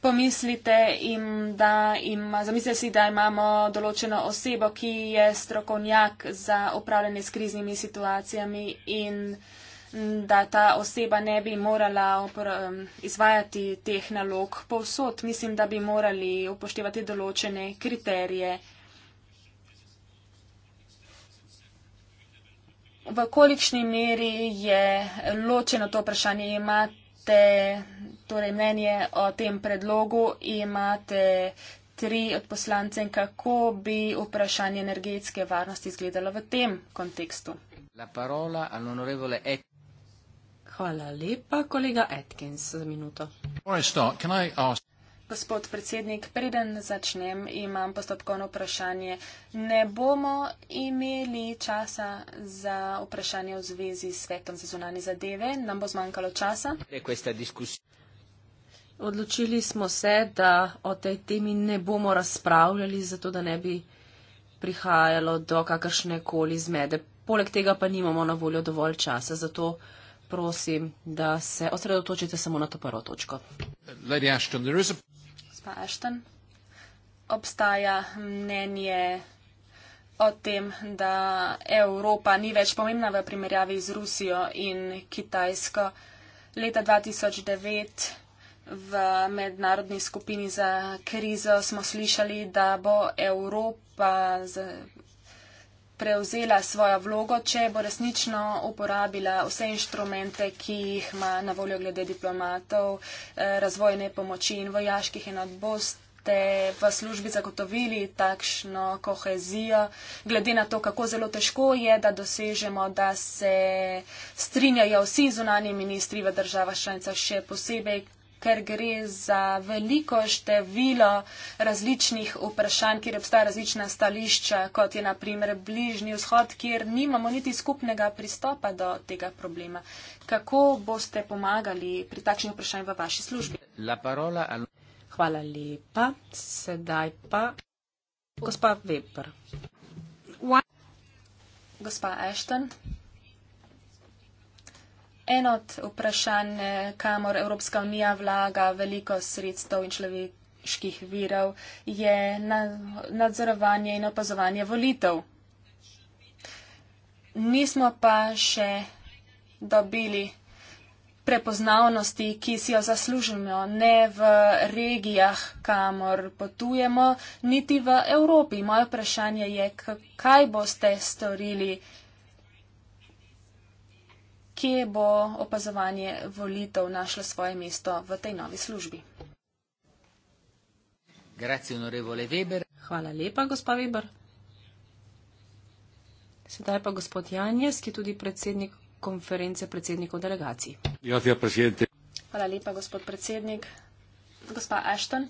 C: pomislite in da im, zamislite si, da imamo določeno osebo, ki je strokovnjak za upravljanje s kriznimi situacijami in mm, da ta oseba ne bi morala izvajati teh nalog povsod. Mislim, da bi morali upoštevati določene kriterije. V kolikšni meri je ločeno to vprašanje imati? imate torej mnenje o tem predlogu, imate tri od poslance in kako bi vprašanje energetske varnosti izgledalo v tem kontekstu.
B: Hvala lepa, kolega Atkins, za minuto.
C: Gospod predsednik, preden začnem, imam postopkovno vprašanje. Ne bomo imeli časa za vprašanje v zvezi s svetom za zunanje zadeve, nam bo zmanjkalo časa.
B: Odločili smo se, da o tej temi ne bomo razpravljali, zato da ne bi prihajalo do kakršne koli zmede. Poleg tega pa nimamo na voljo dovolj časa, zato prosim, da se osredotočite samo na to prvo točko
C: pa Ashton. Obstaja mnenje o tem, da Evropa ni več pomembna v primerjavi z Rusijo in Kitajsko. Leta 2009 v mednarodni skupini za krizo smo slišali, da bo Evropa z prevzela svojo vlogo, če bo resnično uporabila vse inštrumente, ki jih ima na voljo glede diplomatov, eh, razvojne pomoči in vojaških enot. Boste v službi zagotovili takšno kohezijo, glede na to, kako zelo težko je, da dosežemo, da se strinjajo vsi zunani ministri v državah članicah, še posebej, ker gre za veliko število različnih vprašanj, kjer obstaja različna stališča, kot je naprimer bližnji vzhod, kjer nimamo niti skupnega pristopa do tega problema. Kako boste pomagali pri takšnih vprašanj v vaši službi?
B: Hvala lepa. Sedaj pa. Gospa Weber.
C: What? Gospa Ashton en od vprašanj, eh, kamor Evropska unija vlaga veliko sredstev in človeških virov, je nadzorovanje in opazovanje volitev. Nismo pa še dobili prepoznavnosti, ki si jo zaslužimo, ne v regijah, kamor potujemo, niti v Evropi. Moje vprašanje je, kaj boste storili kje bo opazovanje volitev našlo svoje mesto v tej novi službi.
B: Hvala lepa, gospa Weber. Sedaj pa gospod Janjes, ki je tudi predsednik
C: konference predsednikov delegacij. Hvala lepa, gospod predsednik. Gospa Ashton,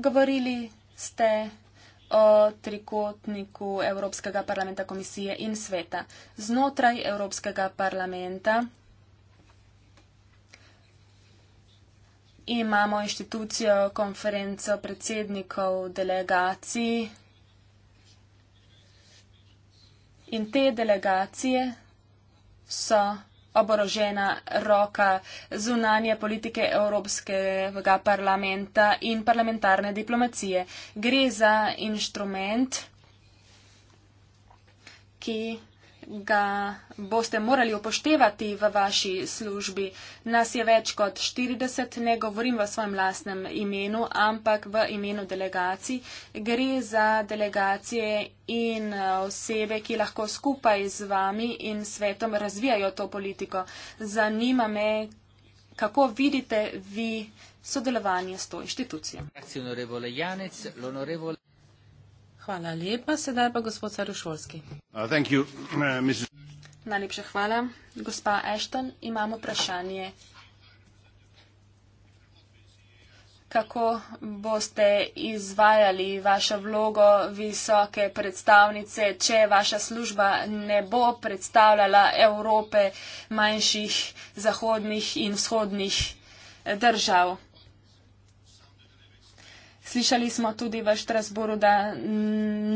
C: govorili ste o trikotniku Evropskega parlamenta komisije in sveta. Znotraj Evropskega parlamenta imamo inštitucijo konferenco predsednikov delegacij in te delegacije so oborožena roka zunanje politike Evropskega parlamenta in parlamentarne diplomacije. Gre za inštrument, ki ga boste morali upoštevati v vaši službi. Nas je več kot 40, ne govorim v svojem lastnem imenu, ampak v imenu delegacij. Gre za delegacije in eh, osebe, ki lahko skupaj z vami in svetom razvijajo to politiko. Zanima me, kako vidite vi sodelovanje s to inštitucijo.
A: Hvala, Hvala
C: lepa. Sedaj pa gospod Sarušolski.
B: Uh, uh,
C: Najlepša hvala. Gospa Ashton, imamo vprašanje. Kako boste izvajali vašo vlogo visoke predstavnice, če vaša služba ne bo predstavljala Evrope manjših zahodnih in vzhodnih držav? Slišali smo tudi v Štrasboru, da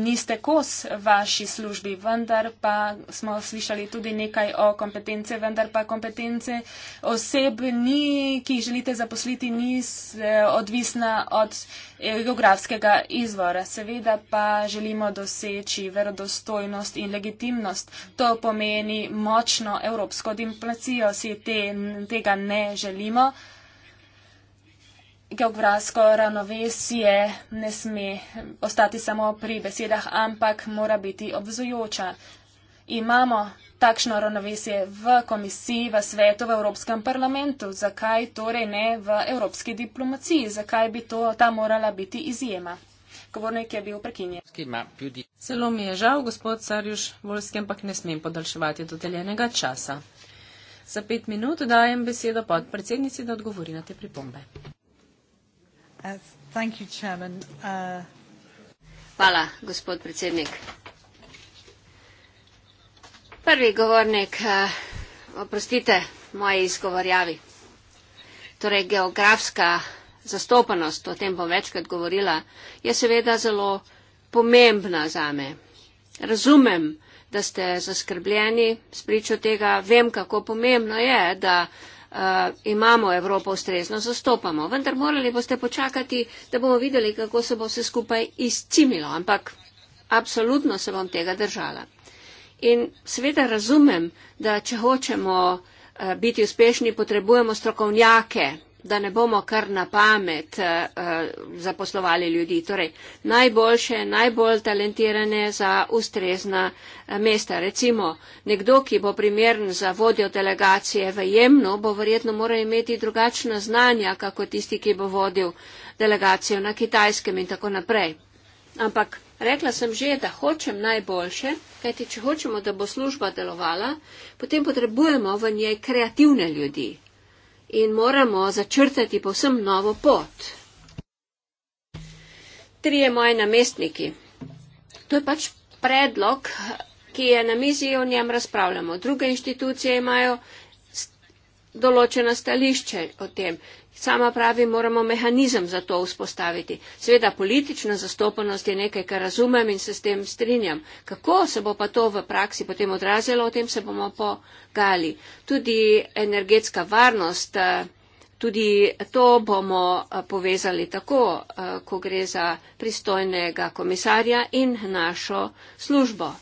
C: niste kos vaši službi, vendar pa smo slišali tudi nekaj o kompetence, vendar pa kompetence oseb, ni, ki jih želite zaposliti, ni eh, odvisna od eh, geografskega izvora. Seveda pa želimo doseči verodostojnost in legitimnost. To pomeni močno evropsko diplomacijo, si te, tega ne želimo geografsko ravnovesje ne sme ostati samo pri besedah, ampak mora biti obzujoča. Imamo takšno ravnovesje v komisiji, v svetu, v Evropskem parlamentu. Zakaj torej ne v evropski diplomaciji? Zakaj bi to, ta morala biti izjema? Govornik je bil prekinjen.
B: Zelo mi je žal, gospod Sarjuš Volski, ampak ne smem podaljševati dodeljenega časa. Za pet minut dajem besedo podpredsednici, da odgovori na te pripombe.
A: Uh, uh, Hvala, gospod predsednik. Prvi govornik, uh, oprostite moji izgovorjavi. Torej, geografska zastopanost, o tem bom večkrat govorila, je seveda zelo pomembna za me. Razumem, da ste zaskrbljeni spričo tega, vem, kako pomembno je, da uh, imamo Evropo ustrezno zastopamo. Vendar morali boste počakati, da bomo videli, kako se bo vse skupaj izcimilo. Ampak absolutno se bom tega držala. In seveda razumem, da če hočemo uh, biti uspešni, potrebujemo strokovnjake, da ne bomo kar na pamet uh, zaposlovali ljudi. Torej, najboljše, najbolj talentirane za ustrezna uh, mesta. Recimo, nekdo, ki bo primern za vodjo delegacije v Jemnu, bo verjetno moral imeti drugačna znanja, kako tisti, ki bo vodil delegacijo na Kitajskem in tako naprej. Ampak rekla sem že, da hočem najboljše, kajti če hočemo, da bo služba delovala, potem potrebujemo v njej kreativne ljudi in moramo začrtati povsem novo pot. Trije moji namestniki. To je pač predlog, ki je na mizi, o njem razpravljamo. Druge inštitucije imajo določena stališče o tem. Sama pravi, moramo mehanizem za to vzpostaviti. Sveda politična zastopanost je nekaj, kar razumem in se s tem strinjam. Kako se bo pa to v praksi potem odrazilo, o tem se bomo pogali. Tudi energetska varnost, eh, tudi to bomo eh, povezali tako, eh, ko gre za pristojnega komisarja in našo službo.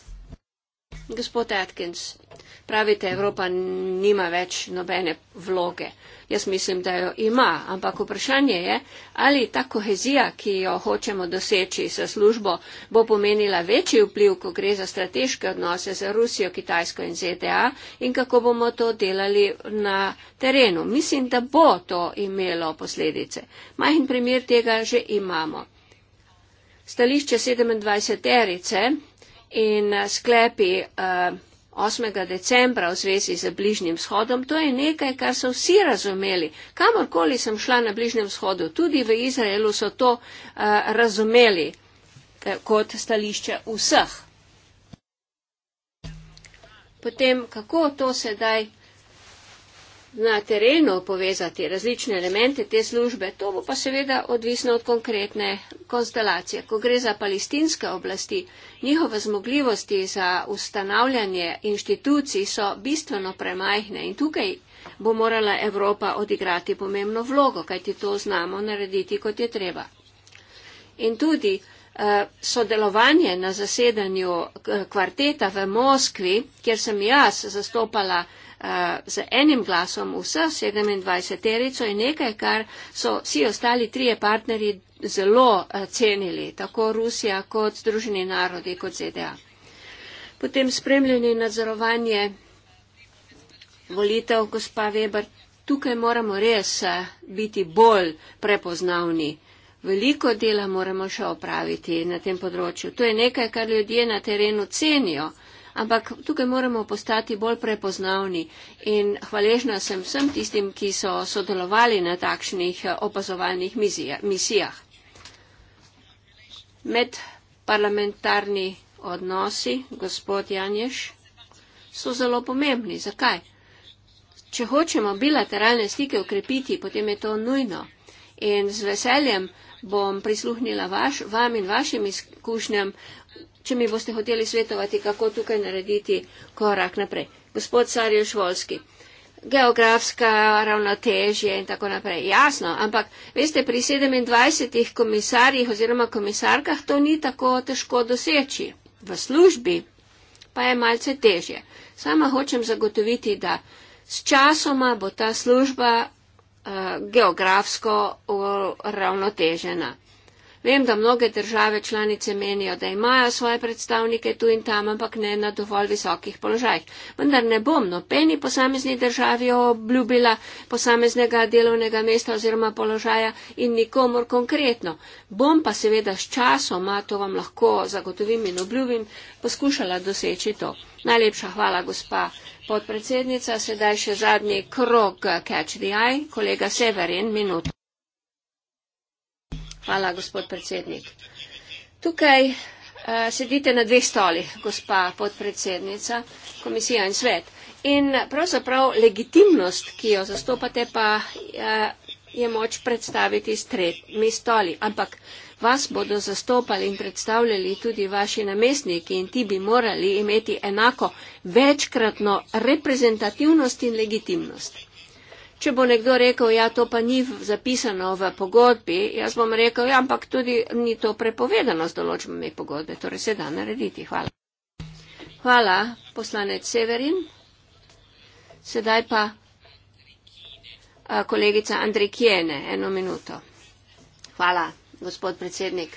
A: Gospod Atkins, Pravite, Evropa nima več nobene vloge. Jaz mislim, da jo ima, ampak vprašanje je, ali ta kohezija, ki jo hočemo doseči sa službo, bo pomenila večji vpliv, ko gre za strateške odnose za Rusijo, Kitajsko in ZDA in kako bomo to delali na terenu. Mislim, da bo to imelo posledice. Majhen primer tega že imamo. Stališče 27. erice in sklepi. Uh, 8. decembra v zvezi z Bližnjim shodom, to je nekaj, kar so vsi razumeli. Kamorkoli sem šla na Bližnjem shodu, tudi v Izraelu so to uh, razumeli eh, kot stališče vseh. Potem, kako to sedaj na terenu povezati različne elemente te službe, to bo pa seveda odvisno od konkretne konstelacije. Ko gre za palestinske oblasti, njihove zmogljivosti za ustanavljanje inštitucij so bistveno premajhne in tukaj bo morala Evropa odigrati pomembno vlogo, kajti to znamo narediti, kot je treba. In tudi eh, sodelovanje na zasedanju eh, kvarteta v Moskvi, kjer sem jaz zastopala z enim glasom vse 27-terico in nekaj, kar so vsi ostali trije partnerji zelo cenili, tako Rusija kot Združeni narodi kot ZDA. Potem spremljanje in nadzorovanje volitev, gospa Weber, tukaj moramo res biti bolj prepoznavni. Veliko dela moramo še opraviti na tem področju. To je nekaj, kar ljudje na terenu cenijo ampak tukaj moramo postati bolj prepoznavni in hvaležna sem vsem tistim, ki so sodelovali na takšnih eh, opazovalnih misijah. Med parlamentarni odnosi, gospod Janješ, so zelo pomembni. Zakaj? Če hočemo bilateralne stike ukrepiti, potem je to nujno. In z veseljem bom prisluhnila vaš, vam in vašim izkušnjam če mi boste hoteli svetovati, kako tukaj narediti korak naprej. Gospod Sarjo Švolski, geografska ravnotežje in tako naprej. Jasno, ampak veste, pri 27 komisarjih oziroma komisarkah to ni tako težko doseči. V službi pa je malce težje. Sama hočem zagotoviti, da s časoma bo ta služba uh, geografsko eh, uravnotežena. Uh, Vem, da mnoge države članice menijo, da imajo svoje predstavnike tu in tam, ampak ne na dovolj visokih položajih. Vendar ne bom nobeni posamezni državi obljubila posameznega delovnega mesta oziroma položaja in nikomor konkretno. Bom pa seveda s časom, a to vam lahko zagotovim in obljubim, poskušala doseči to. Najlepša hvala, gospa podpredsednica. Sedaj še zadnji krog Catch the Eye. Kolega Severin, minuto. Hvala, gospod predsednik. Tukaj uh, sedite na dveh stolih, gospa podpredsednica, komisija in svet. In pravzaprav legitimnost, ki jo zastopate, pa uh, je moč predstaviti s tremi stoli. Ampak vas bodo zastopali in predstavljali tudi vaši namestniki in ti bi morali imeti enako večkratno reprezentativnost in legitimnost. Če bo nekdo rekel, ja, to pa ni zapisano v pogodbi, jaz bom rekel, ja, ampak tudi ni to prepovedano z določbami pogodbe, torej se da narediti. Hvala. Hvala, poslanec Severin. Sedaj pa a, kolegica Andrikijene, eno minuto. Hvala, gospod predsednik.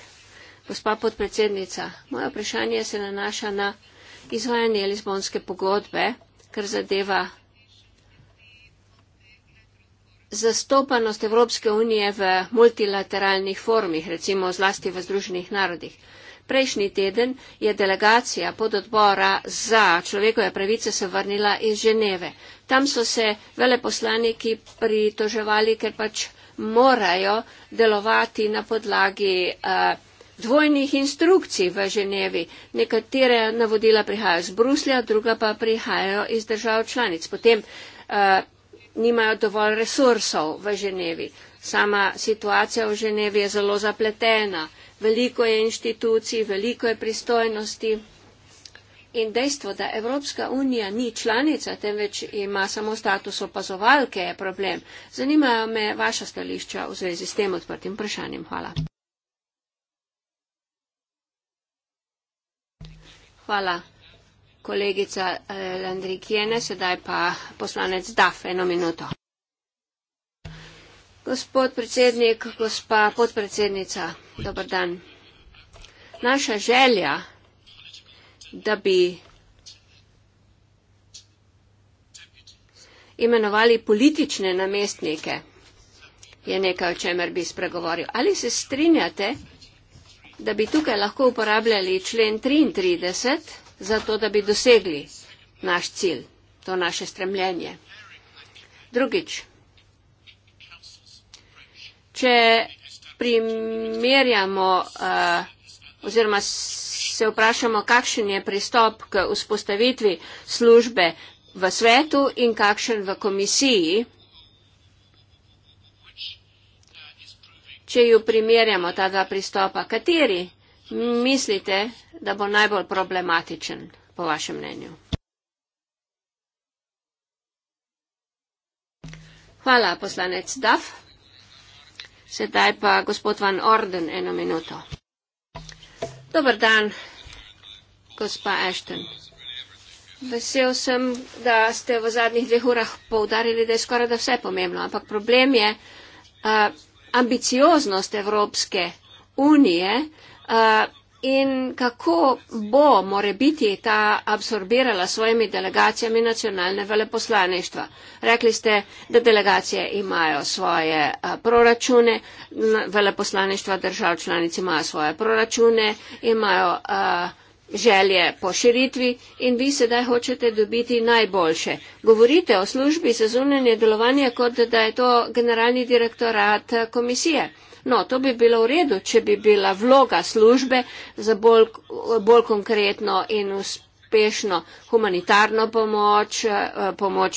A: Gospa podpredsednica, moje vprašanje se nanaša na izvajanje Lizbonske pogodbe, kar zadeva zastopanost Evropske unije v multilateralnih formih, recimo zlasti v Združenih narodih. Prejšnji teden je delegacija pododbora za človekove pravice se vrnila iz Ženeve. Tam so se veleposlaniki pritoževali, ker pač morajo delovati na podlagi uh, dvojnih instrukcij v Ženevi. Nekatere navodila prihajajo iz Bruslja, druga pa prihajajo iz držav članic. Potem, uh, nimajo dovolj resursov v Ženevi. Sama situacija v Ženevi je zelo zapletena, veliko je inštitucij, veliko je pristojnosti in dejstvo, da Evropska unija ni članica, temveč ima samo status opazovalke, je problem. Zanimajo me vaša stališča v zvezi s tem odprtim vprašanjem. Hvala. Hvala kolegica eh, Landrikjene, sedaj pa poslanec Daf, eno minuto. Gospod predsednik, gospa podpredsednica, dober dan. Naša želja, da bi imenovali politične namestnike, je nekaj, o čemer bi spregovoril. Ali se strinjate, da bi tukaj lahko uporabljali člen 33 za to, da bi dosegli naš cilj, to naše stremljenje. Drugič, če primerjamo eh, oziroma se vprašamo, kakšen je pristop k vzpostavitvi službe v svetu in kakšen v komisiji, če jo primerjamo, ta dva pristopa, kateri mislite, da bo najbolj problematičen, po vašem mnenju? Hvala, poslanec Daf. Sedaj pa gospod Van Orden, eno minuto. Dobar dan, gospa Ashton. Vesel sem, da ste v zadnjih dveh urah poudarili, da je skoraj da vse pomembno, ampak problem je uh, ambicioznost Evropske unije, uh, Uh, in kako bo, more biti, ta absorbirala svojimi delegacijami nacionalne veleposlaništva? Rekli ste, da delegacije imajo svoje eh, proračune, veleposlaništva držav članic imajo svoje proračune, imajo uh, želje po širitvi in vi sedaj hočete dobiti najboljše. Govorite o službi za zunanje delovanje, kot da je to generalni direktorat komisije. No, to bi bilo v redu, če bi bila vloga službe za bolj, bolj konkretno in uspešno humanitarno pomoč, eh, pomoč